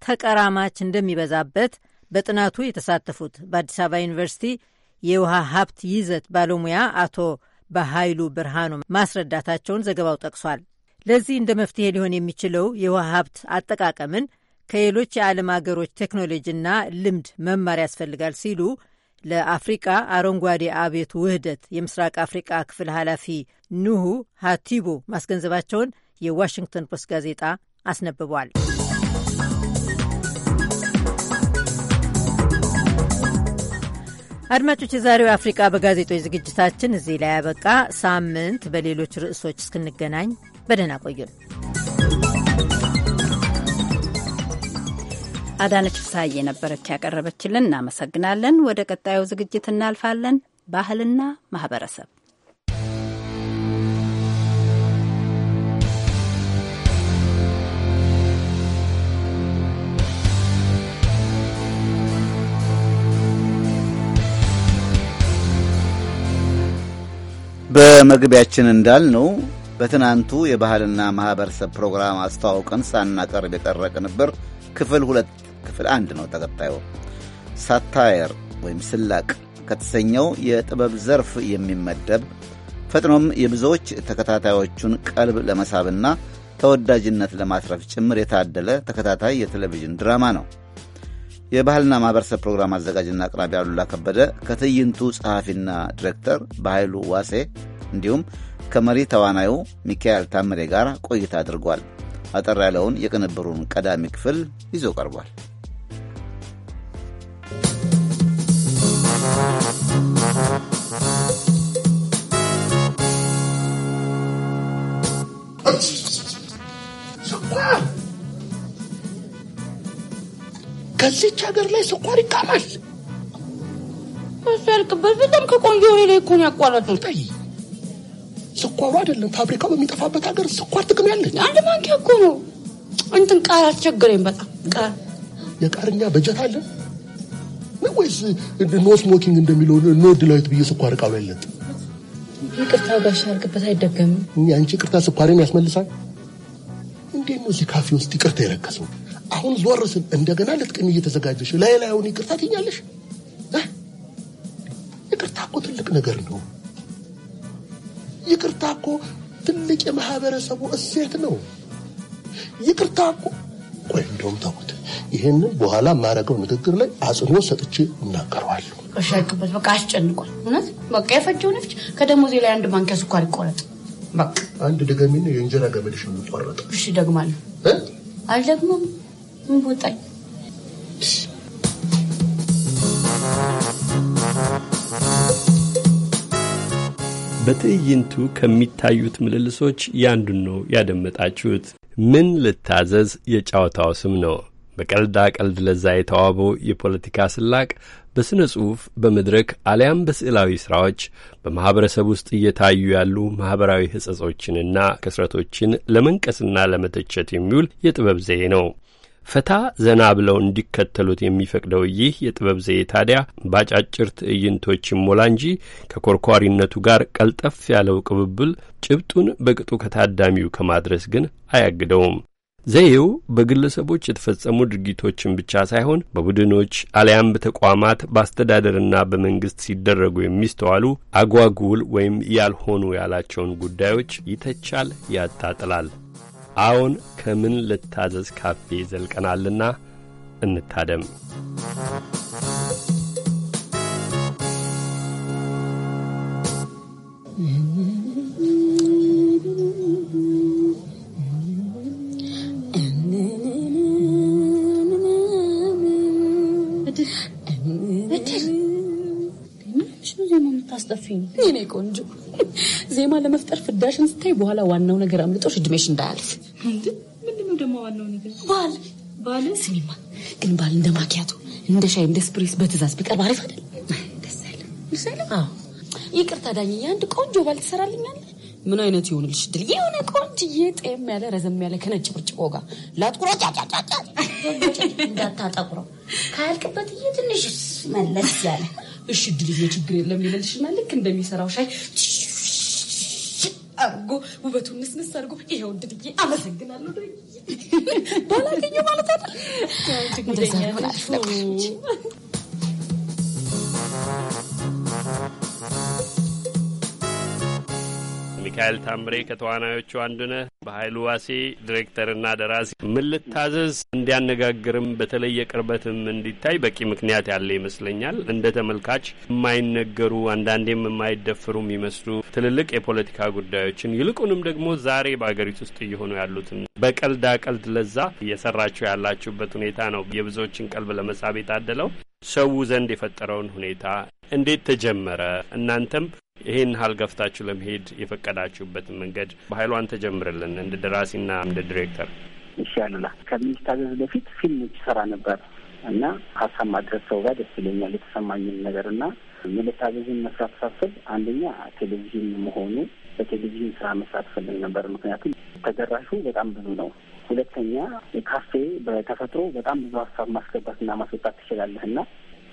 ተቀራማች እንደሚበዛበት በጥናቱ የተሳተፉት በአዲስ አበባ ዩኒቨርሲቲ የውሃ ሀብት ይዘት ባለሙያ አቶ በኃይሉ ብርሃኑ ማስረዳታቸውን ዘገባው ጠቅሷል። ለዚህ እንደ መፍትሄ ሊሆን የሚችለው የውሃ ሀብት አጠቃቀምን ከሌሎች የዓለም አገሮች ቴክኖሎጂና ልምድ መማር ያስፈልጋል ሲሉ ለአፍሪቃ አረንጓዴ አቤት ውህደት የምስራቅ አፍሪቃ ክፍል ኃላፊ ኑሁ ሃቲቦ ማስገንዘባቸውን የዋሽንግተን ፖስት ጋዜጣ አስነብቧል። አድማጮች፣ የዛሬው አፍሪቃ በጋዜጦች ዝግጅታችን እዚህ ላይ ያበቃ። ሳምንት በሌሎች ርዕሶች እስክንገናኝ በደህና ቆዩን። አዳነች ፍስሐዬ የነበረች ያቀረበችልን። እናመሰግናለን። ወደ ቀጣዩ ዝግጅት እናልፋለን። ባህልና ማህበረሰብ በመግቢያችን እንዳልነው በትናንቱ የባህልና ማኅበረሰብ ፕሮግራም አስተዋውቀን ሳናቀርብ የጠረቅንብር ክፍል ሁለት ክፍል አንድ ነው። ተከታዩ ሳታየር ወይም ስላቅ ከተሰኘው የጥበብ ዘርፍ የሚመደብ ፈጥኖም የብዙዎች ተከታታዮቹን ቀልብ ለመሳብና ተወዳጅነት ለማትረፍ ጭምር የታደለ ተከታታይ የቴሌቪዥን ድራማ ነው። የባህልና ማኅበረሰብ ፕሮግራም አዘጋጅና አቅራቢ አሉላ ከበደ ከትዕይንቱ ጸሐፊና ዲሬክተር በኃይሉ ዋሴ እንዲሁም ከመሪ ተዋናዩ ሚካኤል ታምሬ ጋር ቆይታ አድርጓል። አጠር ያለውን የቅንብሩን ቀዳሚ ክፍል ይዞ ቀርቧል። ከዚች ሀገር ላይ ስኳር ይቃማል። እሱ ያልቅበት በጣም ከቆንጆ ላይ እኮ ያቋረጡ ያቋረጡት። ስኳሩ አይደለም ፋብሪካው በሚጠፋበት ሀገር ስኳር ጥቅም ያለ አንድ ማንኪያ እኮ ነው። እንትን ቃር አስቸገረኝ በጣም ቃር የቃርኛ በጀት አለ ወይስ ኖ ስሞኪንግ እንደሚለው ኖ ድላዊት ብዬ ስኳር ቃሉ አይለጥ ይቅርታ ጋሻ አድርግበት አይደገምም። የአንቺ ቅርታ ስኳርን ያስመልሳል። እንዴት ነው እዚህ ካፌ ውስጥ ይቅርታ የረከሰው? አሁን ዞር ስል እንደገና ልትቀኝ እየተዘጋጀሽ ላይ ላይ አሁን ይቅርታ ትኛለሽ። ይቅርታ እኮ ትልቅ ነገር ነው። ይቅርታ እኮ ትልቅ የማህበረሰቡ እሴት ነው። ይቅርታ እኮ ቆይ እንደውም ተውት። ይህንን በኋላ ማረገው ንግግር ላይ አጽንኦ ሰጥቼ እናገረዋለሁ። እሸቅበት በቃ አስጨንቋል። እውነት በቃ የፈጀው ነፍች ከደሞዜ ላይ አንድ ማንኪያ ስኳር ይቆረጥ። በቃ አንድ ነው የእንጀራ ገመድሽ የሚቆረጠው። እሺ ደግማለሁ። አልደግሞም እምቦጣኝ በትዕይንቱ ከሚታዩት ምልልሶች ያንዱን ነው ያደመጣችሁት። ምን ልታዘዝ የጨዋታው ስም ነው። በቀልዳ ቀልድ ለዛ የተዋበው የፖለቲካ ስላቅ በሥነ ጽሑፍ፣ በመድረክ አሊያም በስዕላዊ ሥራዎች በማኅበረሰብ ውስጥ እየታዩ ያሉ ማኅበራዊ ሕጸጾችንና ክስረቶችን ለመንቀስና ለመተቸት የሚውል የጥበብ ዘዬ ነው። ፈታ ዘና ብለው እንዲከተሉት የሚፈቅደው ይህ የጥበብ ዘዬ ታዲያ በአጫጭር ትዕይንቶች ሞላ እንጂ ከኮርኳሪነቱ ጋር ቀልጠፍ ያለው ቅብብል ጭብጡን በቅጡ ከታዳሚው ከማድረስ ግን አያግደውም። ዘዬው በግለሰቦች የተፈጸሙ ድርጊቶችን ብቻ ሳይሆን በቡድኖች አሊያም በተቋማት በአስተዳደርና በመንግስት ሲደረጉ የሚስተዋሉ አጓጉል ወይም ያልሆኑ ያላቸውን ጉዳዮች ይተቻል፣ ያጣጥላል። አሁን ከምን ልታዘዝ ካፌ ዘልቀናልና እንታደም። ቆንጆ ዜማ ለመፍጠር ፍዳሽን ስታይ በኋላ ዋናው ነገር አምልጦሽ እድሜሽ እንዳያልፍ። ምንድነው ደግሞ ዋናው ነገር? ባል ባል። ስሚማ ግን ባል እንደ ማኪያቶ እንደ ሻይ እንደ ስፕሬስ በትእዛዝ ቢቀርብ አሪፍ አይደል? ይቅርታ ዳኝ፣ አንድ ቆንጆ ባል ትሰራልኛል? ምን አይነት ይሆንልሽ? ድል የሆነ ቆንጅዬ ጤም ያለ ረዘም ያለ ከነጭ ብርጭቆ ጋር ላጥቁሮ ጫጫጫጫ እንዳታጠቁረው ካያልቅበት እየ ትንሽ መለስ ያለ እሽ ድልዬ፣ ችግር የለም ይበልሽና ልክ እንደሚሰራው ሻይ አርጎ ውበቱን ምስምስ አርጎ ይሄው ድድዬ አመሰግናለሁ። ባላገኘ ማለት አይደል እንደዛ ሚካኤል ታምሬ ከተዋናዮቹ አንዱ ነህ። በኃይሉ ዋሴ ዲሬክተርና ደራሲ ምን ልታዘዝ እንዲያነጋግርም በተለየ ቅርበትም እንዲታይ በቂ ምክንያት ያለ ይመስለኛል። እንደ ተመልካች የማይነገሩ አንዳንዴም የማይደፍሩ የሚመስሉ ትልልቅ የፖለቲካ ጉዳዮችን ይልቁንም ደግሞ ዛሬ በሀገሪቱ ውስጥ እየሆኑ ያሉትን በቀልዳ ቀልድ ለዛ እየሰራችሁ ያላችሁበት ሁኔታ ነው የብዙዎችን ቀልብ ለመሳብ የታደለው ሰው ዘንድ የፈጠረውን ሁኔታ እንዴት ተጀመረ? እናንተም ይህን ሀል ገፍታችሁ ለመሄድ የፈቀዳችሁበትን መንገድ በሀይሏን ተጀምርልን እንደ ደራሲና እንደ ዲሬክተር። እሺ አሉላ ከሚስታዘዝ በፊት ፊልም ይሰራ ነበር እና ሀሳብ ማድረስ ሰው ጋር ደስ ይለኛል የተሰማኝን ነገር እና የመታዘዝን መስራት ሳስብ አንደኛ ቴሌቪዥን መሆኑ በቴሌቪዥን ስራ መስራት ፈልግ ነበር። ምክንያቱም ተደራሹ በጣም ብዙ ነው። ሁለተኛ ካፌ በተፈጥሮ በጣም ብዙ ሀሳብ ማስገባት እና ማስወጣት ትችላለህ እና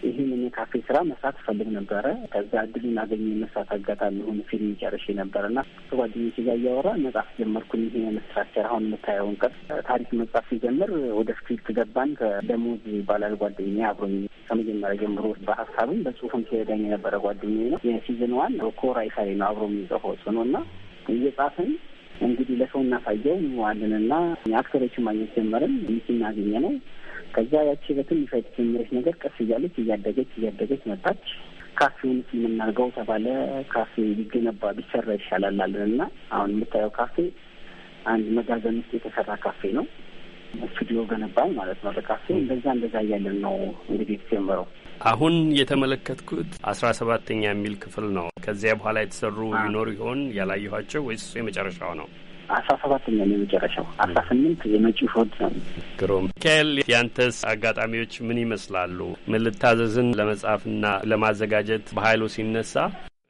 ይህንን የካፌ ስራ መስራት እፈልግ ነበረ። ከዛ እድሉን አገኘ መስራት አጋጣሚ ሆን ፊልም ጨርሼ ነበረ እና ከጓደኞች ጋር እያወራ መጽሐፍ ጀመርኩኝ። ይህ የምስትራክቸር አሁን የምታየውን ቀጥ ታሪክ መጽሐፍ ሲጀምር ወደ ስክሪፕት ገባን። ከደሞዝ ይባላል ጓደኛ አብሮኝ ከመጀመሪያ ጀምሮ በሀሳብም በጽሁፍም ሲረዳኝ የነበረ ጓደኛ ነው። የሲዝን ዋን ኮራ ይሳሌ ነው አብሮ የሚጽፈው ጽኖ እና እየጻፍን እንግዲህ ለሰው እናሳየው ዋልንና አክተሮችን ማግኘት ጀመርን። ሚኪ እናገኘ ነው ከዛ ያቺ በትንሿ የተጀመረች ነገር ቀስ እያለች እያደገች እያደገች መጣች። ካፌውን የምናርገው ተባለ። ካፌ ሊገነባ ቢሰራ ይሻላል አለን እና አሁን የምታየው ካፌ አንድ መጋዘን ውስጥ የተሰራ ካፌ ነው። ስቱዲዮ ገነባል ማለት ነው ለካፌ። እንደዛ እንደዛ እያለን ነው እንግዲህ የተጀመረው። አሁን የተመለከትኩት አስራ ሰባተኛ የሚል ክፍል ነው። ከዚያ በኋላ የተሰሩ ይኖሩ ይሆን ያላየኋቸው ወይስ የመጨረሻው ነው? አስራ ሰባተኛ ነው የመጨረሻው። አስራ ስምንት የመጪው ሾት ነው። ግሩም ሚካኤል፣ ያንተስ አጋጣሚዎች ምን ይመስላሉ? ምን ልታዘዝን ለመጻፍና ለማዘጋጀት በሀይሉ ሲነሳ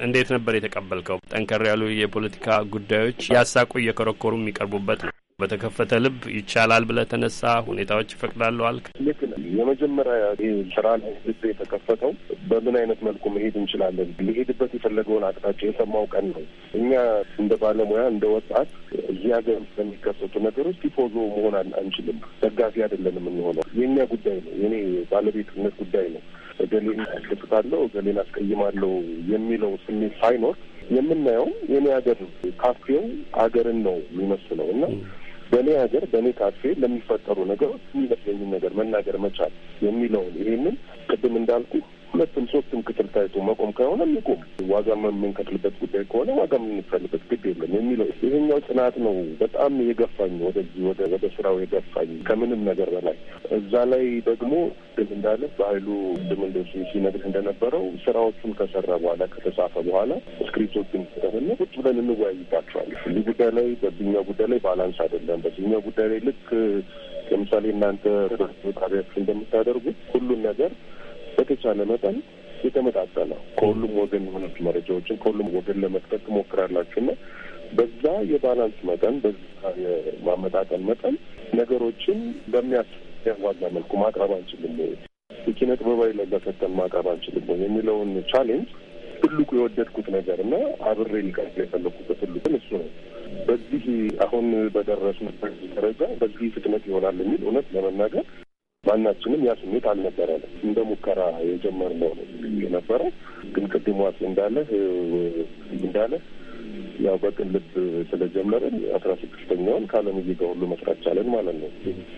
እንዴት ነበር የተቀበልከው? ጠንከር ያሉ የፖለቲካ ጉዳዮች ያሳቁ እየኮረኮሩ የሚቀርቡበት ነው። በተከፈተ ልብ ይቻላል ብለህ ተነሳ። ሁኔታዎች ይፈቅዳሉ አልክ። ልክ ነህ። የመጀመሪያ ስራ ላይ ልብ የተከፈተው በምን አይነት መልኩ መሄድ እንችላለን፣ ሊሄድበት የፈለገውን አቅጣጫ የሰማው ቀን ነው። እኛ እንደ ባለሙያ እንደ ወጣት እዚህ ሀገር በሚከሰቱ ነገሮች ቲፎዞ መሆን አንችልም። ደጋፊ አይደለንም የምንሆነው። የእኛ ጉዳይ ነው። የኔ ባለቤትነት ጉዳይ ነው። እገሌን አስከፍታለሁ፣ እገሌን አስቀይማለሁ የሚለው ስሜት ሳይኖር የምናየው የኔ ሀገር ካፌው ሀገርን ነው የሚመስለው እና በእኔ ሀገር በእኔ ካፌ ለሚፈጠሩ ነገሮች የሚመስለኝን ነገር መናገር መቻል የሚለውን ይሄንን ቅድም እንዳልኩ ሁለትም ሶስትም ክትል ታይቶ መቆም ከሆነ የሚቆም ዋጋ የምንከፍልበት ጉዳይ ከሆነ ዋጋ የምንፈልበት ግድ የለም የሚለው ይሄኛው ጽናት ነው። በጣም የገፋኝ ወደዚህ ወደ ወደ ስራው የገፋኝ ከምንም ነገር በላይ እዛ ላይ ደግሞ ግን እንዳለ በሀይሉ ድም እንደሱ ሲነግርህ እንደነበረው ስራዎቹን ከሰራ በኋላ ከተጻፈ በኋላ ስክሪፕቶችን ተፈነ ቁጭ ብለን እንወያይባቸዋለን። እዚህ ጉዳይ ላይ በዚኛው ጉዳይ ላይ ባላንስ አይደለም፣ በዚኛው ጉዳይ ላይ ልክ ለምሳሌ እናንተ ጣቢያችሁ እንደምታደርጉት ሁሉን ነገር በተቻለ መጠን የተመጣጠነ ከሁሉም ወገን የሆነች መረጃዎችን ከሁሉም ወገን ለመጥቀት ትሞክራላችሁና በዛ የባላንስ መጠን በዛ የማመጣጠን መጠን ነገሮችን በሚያስዋጋ መልኩ ማቅረብ አንችልም ወይ የኪነ ጥበባዊ ለጋሰጠን ማቅረብ አንችልም ወይ የሚለውን ቻሌንጅ ትልቁ የወደድኩት ነገር እና አብሬ ሊቀጥል የፈለኩበት ትልቁን እሱ ነው። በዚህ አሁን በደረስንበት ደረጃ በዚህ ፍጥነት ይሆናል የሚል እውነት ለመናገር ማናችንም ያ ስሜት አልነበረንም። እንደ ሙከራ የጀመርነው ነው የነበረው። ግን ቅድሟት እንዳለ እንዳለ ያው በቅልብ ስለጀመርን አስራ ስድስተኛውን ከአለምዬ ጋር ሁሉ መስራት ቻለን ማለት ነው።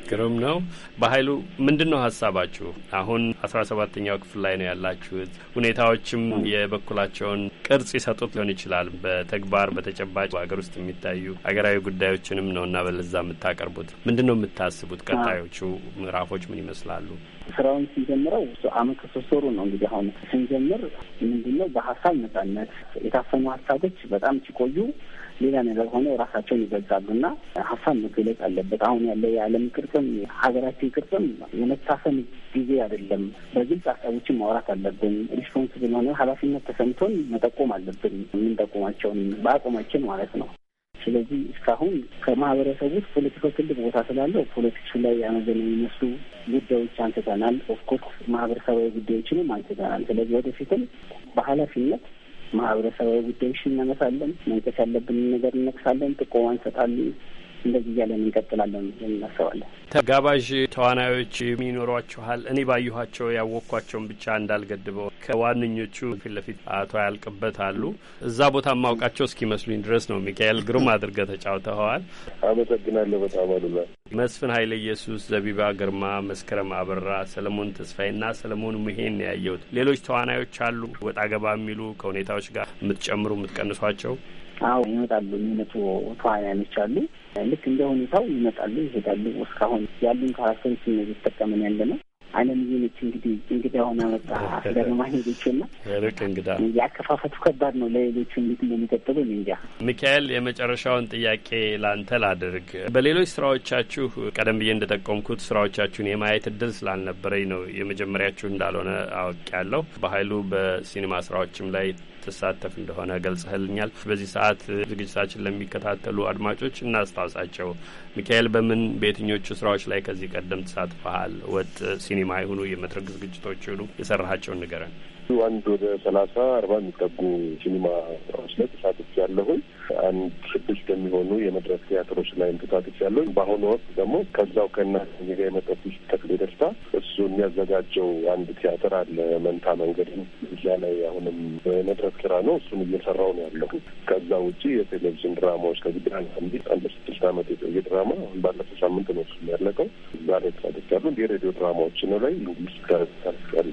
ግሩም ነው። በሀይሉ ምንድን ነው ሀሳባችሁ? አሁን አስራ ሰባተኛው ክፍል ላይ ነው ያላችሁት። ሁኔታዎችም የበኩላቸውን ቅርጽ ይሰጡት ሊሆን ይችላል። በተግባር በተጨባጭ በሀገር ውስጥ የሚታዩ ሀገራዊ ጉዳዮችንም ነው እና በለዛ የምታቀርቡት ምንድን ነው የምታስቡት? ቀጣዮቹ ምዕራፎች ምን ይመስላሉ? ስራውን ስንጀምረው አመት ከሶስት ወሩ ነው እንግዲህ አሁን ስንጀምር ምንድነው በሀሳብ ነጻነት የታፈኑ ሀሳቦች በጣም ሲቆዩ ሌላ ነገር ሆነው ራሳቸውን ይገልጻሉ እና ሀሳብ መገለጽ አለበት። አሁን ያለ የዓለም ቅርጽም ሀገራችን ቅርጽም የመታፈን ጊዜ አይደለም። በግልጽ ሀሳቦችን ማውራት አለብን። ሪስፖንስብል ሆነ ኃላፊነት ተሰምቶን መጠቆም አለብን። የምንጠቁማቸውን በአቋማችን ማለት ነው። ስለዚህ እስካሁን ከማህበረሰቡ ውስጥ ፖለቲካው ትልቅ ቦታ ስላለው ፖለቲክሱ ላይ ያመዘነ የሚመስሉ ጉዳዮች አንስተናል። ኦፍኮርስ ማህበረሰባዊ ጉዳዮችንም አንስተናል። ስለዚህ ወደፊትም በኃላፊነት ማህበረሰባዊ ጉዳዮች እናነሳለን። መንቀስ ያለብንን ነገር እነቅሳለን። ጥቆማ እንሰጣለን። እንደዚህ እያለን እንቀጥላለን እናስባለን። ተጋባዥ ተዋናዮች የሚኖሯችኋል። እኔ ባየኋቸው ያወቅኳቸውን ብቻ እንዳልገድበው ከዋነኞቹ ፊት ለፊት አቶ ያልቅበት አሉ። እዛ ቦታ ማውቃቸው እስኪመስሉኝ ድረስ ነው። ሚካኤል ግሩም አድርገ ተጫውተኸዋል። አመሰግናለሁ። በጣም አሉላ መስፍን ኃይለ ኢየሱስ፣ ዘቢባ ግርማ፣ መስከረም አበራ፣ ሰለሞን ና ሰለሞን ሙሄን ያየሁት። ሌሎች ተዋናዮች አሉ ወጣ ገባ የሚሉ ከሁኔታዎች ጋር የምትጨምሩ የምትቀንሷቸው? አዎ ይመጣሉ። የሚመጡ ተዋናዮች አሉ። ልክ እንደ ሁኔታው ይመጣሉ፣ ይሄዳሉ። እስካሁን ያሉን ካራክተሮች እነዚህ ተጠቀምን ያለ ነው። አለም ይህነች እንግዲህ እንግዳ ሆና መጣ ሄዶች ና ልክ እንግዳ የአከፋፈቱ ከባድ ነው። ለሌሎቹ እንዴት እንደሚቀጥሉ እንጃ። ሚካኤል፣ የመጨረሻውን ጥያቄ ላንተ ላድርግ። በሌሎች ስራዎቻችሁ ቀደም ብዬ እንደጠቆምኩት ስራዎቻችሁን የማየት እድል ስላልነበረኝ ነው የመጀመሪያችሁ እንዳልሆነ አወቅ ያለሁ በሀይሉ በሲኒማ ስራዎችም ላይ ትሳተፍ እንደሆነ ገልጸህልኛል። በዚህ ሰዓት ዝግጅታችን ለሚከታተሉ አድማጮች እናስታውሳቸው። ሚካኤል፣ በምን በየትኞቹ ስራዎች ላይ ከዚህ ቀደም ተሳትፈሃል? ወጥ ሲኒማ ይሁኑ የመድረክ ዝግጅቶች ይሁኑ የሰራሃቸውን ንገረን። አንድ ወደ ሰላሳ አርባ የሚጠጉ ሲኒማ ስራዎች ላይ ተሳትፍ ያለሁኝ አንድ ስድስት የሚሆኑ የመድረክ ቲያትሮች ላይ ተሳትፍ ያለሁኝ። በአሁኑ ወቅት ደግሞ ከዛው ከእናቴ ጋ የመጠት ውስጥ ተክሌ ደስታ እሱ የሚያዘጋጀው አንድ ቲያትር አለ መንታ መንገድ እዚያ ላይ አሁንም የመድረክ ስራ ነው። እሱን እየሰራው ነው ያለሁ። ከዛ ውጭ የቴሌቪዥን ድራማዎች ከግድ አንዲ አንድ ስድስት አመት የቆየ ድራማ አሁን ባለፈው ሳምንት ነው እሱ ያለቀው። ዛሬ ተሳትፍ ያሉ የሬዲዮ ድራማዎች ነው ላይ እንግሊዝ ተሳትፍ ያለ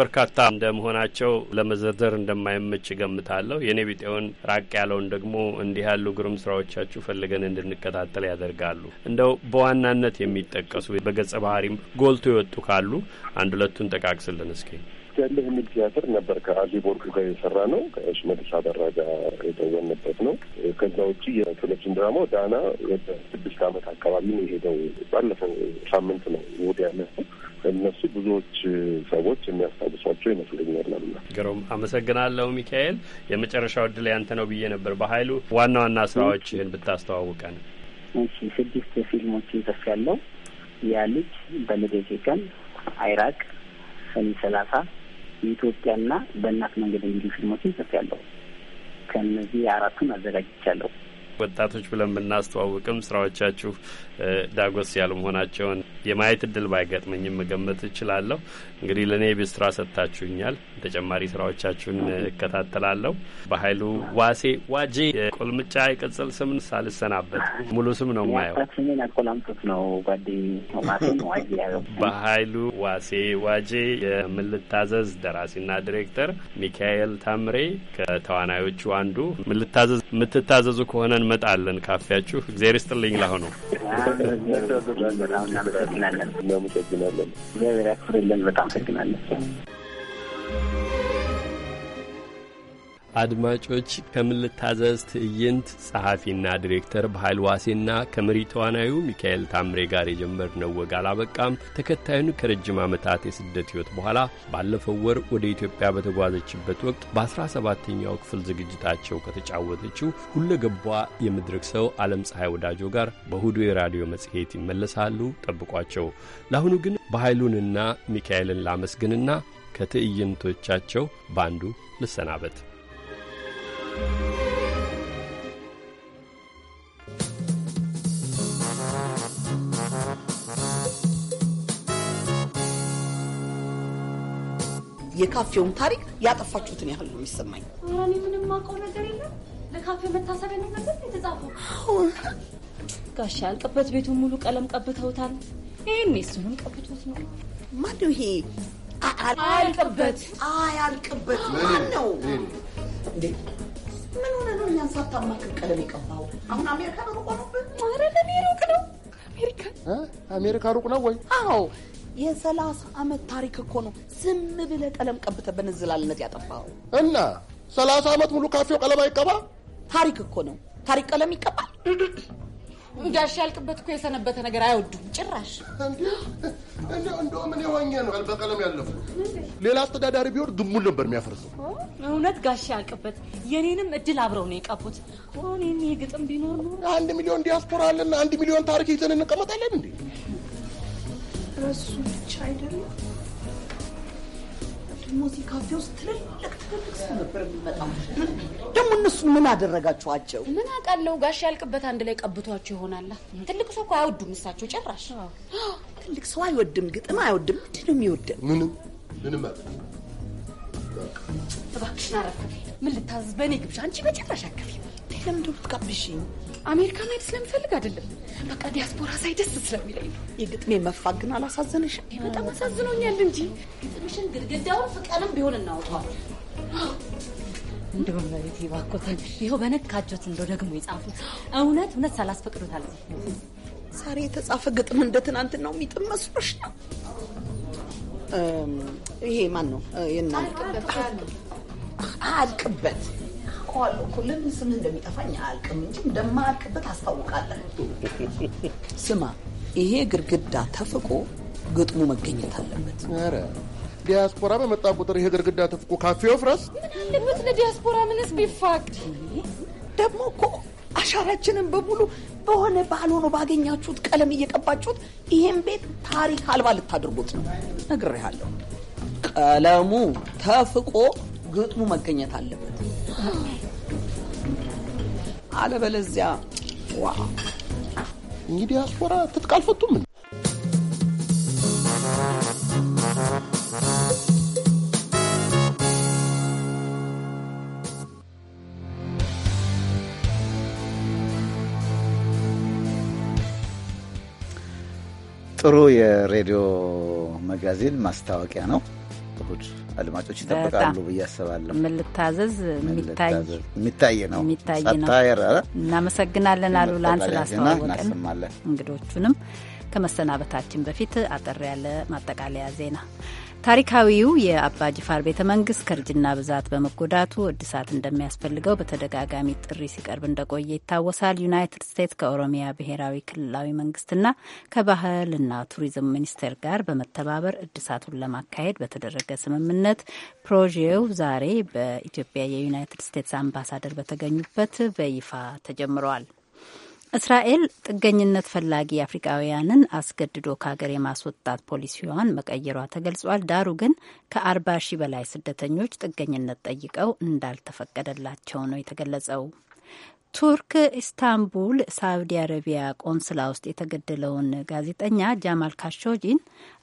በርካታ እንደመሆናቸው ለመዘርዘር እንደማይመች ገምታለሁ። የኔ ቢጤውን ራቅ ያለውን ደግሞ እንዲህ ያሉ ግሩም ስራዎቻችሁ ፈልገን እንድንከታተል ያደርጋሉ። እንደው በዋናነት የሚጠቀሱ በገጸ ባህሪም ጎልቶ የወጡ ካሉ አንድ ሁለቱን ጠቃቅስልን እስኪ። ያለህ የሚል ቲያትር ነበር ከአሊ ቦርክ ጋር የሰራ ነው። ከሽመልስ አበራ ጋር የተወነበት ነው። ከዛ ውጭ የቴሌቪዥን ድራማው ዳና ወደ ስድስት አመት አካባቢ ነው የሄደው። ባለፈው ሳምንት ነው ወዲያ ያለ ነው እነሱ ብዙዎች ሰዎች የሚያስታውሷቸው ይመስለኛል። አሉና ግሩም አመሰግናለሁ። ሚካኤል የመጨረሻው እድል ያንተ ነው ብዬ ነበር። በሀይሉ ዋና ዋና ስራዎችህን ብታስተዋውቀን። እሺ፣ ስድስት ፊልሞችን ተስ ያለው ያ ልጅ በልደቴ ቀን፣ አይራቅ፣ ሰኔ ሰላሳ፣ የኢትዮጵያና በእናት መንገድ የሚሉ ፊልሞች ተስ ያለው ከእነዚህ አራቱን አዘጋጅቻለሁ። ወጣቶች ብለን የምናስተዋውቅም ስራዎቻችሁ ዳጎስ ያሉ መሆናቸውን የማየት እድል ባይገጥመኝም መገመት እችላለሁ። እንግዲህ ለእኔ የቤት ስራ ሰጥታችሁኛል። ተጨማሪ ስራዎቻችሁን እከታተላለሁ። በሀይሉ ዋሴ ዋጄ ቁልምጫ የቅጽል ስም ሳልሰናበት ሙሉ ስም ነው ማየው። በሀይሉ ዋሴ ዋጄ የምልታዘዝ ደራሲና ዲሬክተር ሚካኤል ታምሬ ከተዋናዮቹ አንዱ ምልታዘዝ የምትታዘዙ ከሆነን እንመጣለን ካፊያችሁ። እግዚአብሔር ይስጥልኝ። ላሆነው በጣም እናመሰግናለን። በጣም አድማጮች ከምን ልታዘዝ ትዕይንት ጸሐፊና ዲሬክተር በኃይል ዋሴና ከመሪ ተዋናዩ ሚካኤል ታምሬ ጋር የጀመርነው ወግ አላበቃም። ተከታዩን ከረጅም ዓመታት የስደት ሕይወት በኋላ ባለፈው ወር ወደ ኢትዮጵያ በተጓዘችበት ወቅት በአስራ ሰባተኛው ክፍል ዝግጅታቸው ከተጫወተችው ሁለ ገቧ የመድረክ ሰው ዓለም ፀሐይ ወዳጆ ጋር በእሁዱ የራዲዮ መጽሔት ይመለሳሉ። ጠብቋቸው። ለአሁኑ ግን በኃይሉንና ሚካኤልን ላመስግንና ከትዕይንቶቻቸው በአንዱ ልሰናበት። የካፌውን ታሪክ ያጠፋችሁትን ያህል ነው የሚሰማኝ። ራኔ ምንም አውቀው ነገር የለም። ለካፌ መታሰቢያ ነው ነገር የተጻፈው። ጋሻ ያልቅበት ቤቱን ሙሉ ቀለም ቀብተውታል። ይህም የሱንም ቀብቶት ነው። ማነው ይሄ? አያልቅበት አያልቅበት ማን ነው? ምን ሆነ ነው እኛን ሳታማክር ቀለም የቀባው? አሁን አሜሪካ ሩቅ ሆኖብን። ኧረ ለኔ ሩቅ ነው አሜሪካ። አሜሪካ ሩቅ ነው ወይ? አዎ የሰላሳ ዓመት ታሪክ እኮ ነው። ዝም ብለ ቀለም ቀብተ በንዝላልነት ያጠፋው እና ሰላሳ ዓመት ሙሉ ካፌው ቀለም አይቀባ ታሪክ እኮ ነው። ታሪክ ቀለም ይቀባል? ጋሽ ያልቅበት እኮ የሰነበተ ነገር አይወዱም ጭራሽ። እንደውም ምን ሆኜ ነው አልበቀለም ያለፉ። ሌላ አስተዳዳሪ ቢሆን ግሙን ነበር የሚያፈርሰው። እውነት ጋሽ ያልቅበት የኔንም እድል አብረው ነው የቀቡት። እኔም ይህ ግጥም ቢኖር አንድ ሚሊዮን ዲያስፖራ አለና አንድ ሚሊዮን ታሪክ ይዘን እንቀመጣለን እንዴ? እሱ ብቻ አይደለም ሙዚቃ ውስጥ ትልልቅ ትልልቅ ሰው ነበር የሚመጣው። ደግሞ እነሱ ምን አደረጋችኋቸው? ምን አውቃለሁ ጋሽ ያልቅበት አንድ ላይ ቀብቷቸው ይሆናላ። ትልቅ ሰው እኮ አይወዱም እሳቸው ጭራሽ። ትልቅ ሰው አይወድም፣ ግጥም አይወድም። ምንድን ነው የሚወድም? ምንም ምንም እባክሽን፣ አረፍክ። ምን ልታዝዝ? በእኔ ግብዣ አንቺ በጭራሽ አከፊ ለምንድን ነው የምትጋብዥኝ? አሜሪካ መሄድ ስለምፈልግ አይደለም። በቃ ዲያስፖራ ሳይ ደስ ስለሚለኝ ነው። የግጥሜ መፋት ግን አላሳዘነሽም? በጣም አሳዝኖኛል እንጂ ግጥምሽን ግድግዳውን ፍቀንም ቢሆን እናውጠዋል። እንደው መሬት ይባኮታል። ይኸው በነካጆት እንደው ደግሞ የጻፉት እውነት እውነት ሳላስፈቅዶታል። ዛሬ የተጻፈ ግጥም እንደ ትናንት ነው የሚጥም መስሎሽ ነው? ይሄ ማን ነው? አልቅበት አውቀዋለሁ እኮ ለምን ስምህ እንደሚጠፋኝ አያልቅም እንጂ እንደማያልቅበት አስታውቃለሁ። ስማ፣ ይሄ ግድግዳ ተፍቆ ግጥሙ መገኘት አለበት። ኧረ ዲያስፖራ በመጣ ቁጥር ይሄ ግድግዳ ተፍቆ ካፌው ፍረስ ምን አለበት? ለዲያስፖራ ምንስ ቢፋቅድ ደግሞ እኮ አሻራችንን በሙሉ በሆነ ባልሆኖ ባገኛችሁት ቀለም እየቀባችሁት ይህን ቤት ታሪክ አልባ ልታደርጉት ነው። ነግሬሃለሁ። ቀለሙ ተፍቆ ግጥሙ መገኘት አለበት። አለበለዚያ ዋ እንግዲህ ዲያስፖራ ትጥቅ አልፈቱም። ጥሩ የሬዲዮ መጋዚን ማስታወቂያ ነው። እሁድ አድማጮች ይጠብቃሉ ብዬ አስባለሁ። ምን ልታዘዝ? የሚታይ ነው የሚታይ ነው። እናመሰግናለን አሉላን ስላስተዋወቀን እንግዶቹንም ከመሰናበታችን በፊት አጠር ያለ ማጠቃለያ ዜና ታሪካዊው የአባጅፋር ቤተ መንግስት ከእርጅና ብዛት በመጎዳቱ እድሳት እንደሚያስፈልገው በተደጋጋሚ ጥሪ ሲቀርብ እንደቆየ ይታወሳል። ዩናይትድ ስቴትስ ከኦሮሚያ ብሔራዊ ክልላዊ መንግስትና ከባህልና ቱሪዝም ሚኒስቴር ጋር በመተባበር እድሳቱን ለማካሄድ በተደረገ ስምምነት ፕሮጄው ዛሬ በኢትዮጵያ የዩናይትድ ስቴትስ አምባሳደር በተገኙበት በይፋ ተጀምረዋል። እስራኤል ጥገኝነት ፈላጊ አፍሪካውያንን አስገድዶ ከሀገር የማስወጣት ፖሊሲዋን መቀየሯ ተገልጿል። ዳሩ ግን ከአርባ ሺህ በላይ ስደተኞች ጥገኝነት ጠይቀው እንዳልተፈቀደላቸው ነው የተገለጸው። ቱርክ ኢስታንቡል ሳውዲ አረቢያ ቆንስላ ውስጥ የተገደለውን ጋዜጠኛ ጃማል ካሾጂን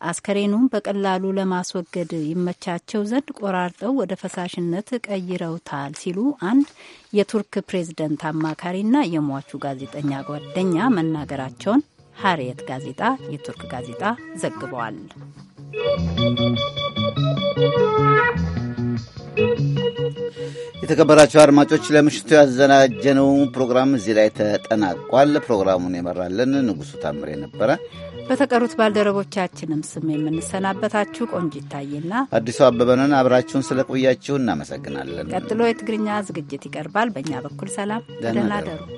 አስከሬኑን በቀላሉ ለማስወገድ ይመቻቸው ዘንድ ቆራርጠው ወደ ፈሳሽነት ቀይረውታል ሲሉ አንድ የቱርክ ፕሬዝደንት አማካሪና የሟቹ ጋዜጠኛ ጓደኛ መናገራቸውን ሀርየት ጋዜጣ የቱርክ ጋዜጣ ዘግበዋል። የተከበራቸው አድማጮች ለምሽቱ ያዘናጀነው ፕሮግራም እዚህ ላይ ተጠናቋል። ፕሮግራሙን የመራለን ንጉሱ ታምሬ ነበረ። በተቀሩት ባልደረቦቻችንም ስም የምንሰናበታችሁ ቆንጅ ይታይና አዲሱ አበበንን አብራችሁን ስለ ቆያችሁ እናመሰግናለን። ቀጥሎ የትግርኛ ዝግጅት ይቀርባል። በእኛ በኩል ሰላም፣ ደህና ደሩ።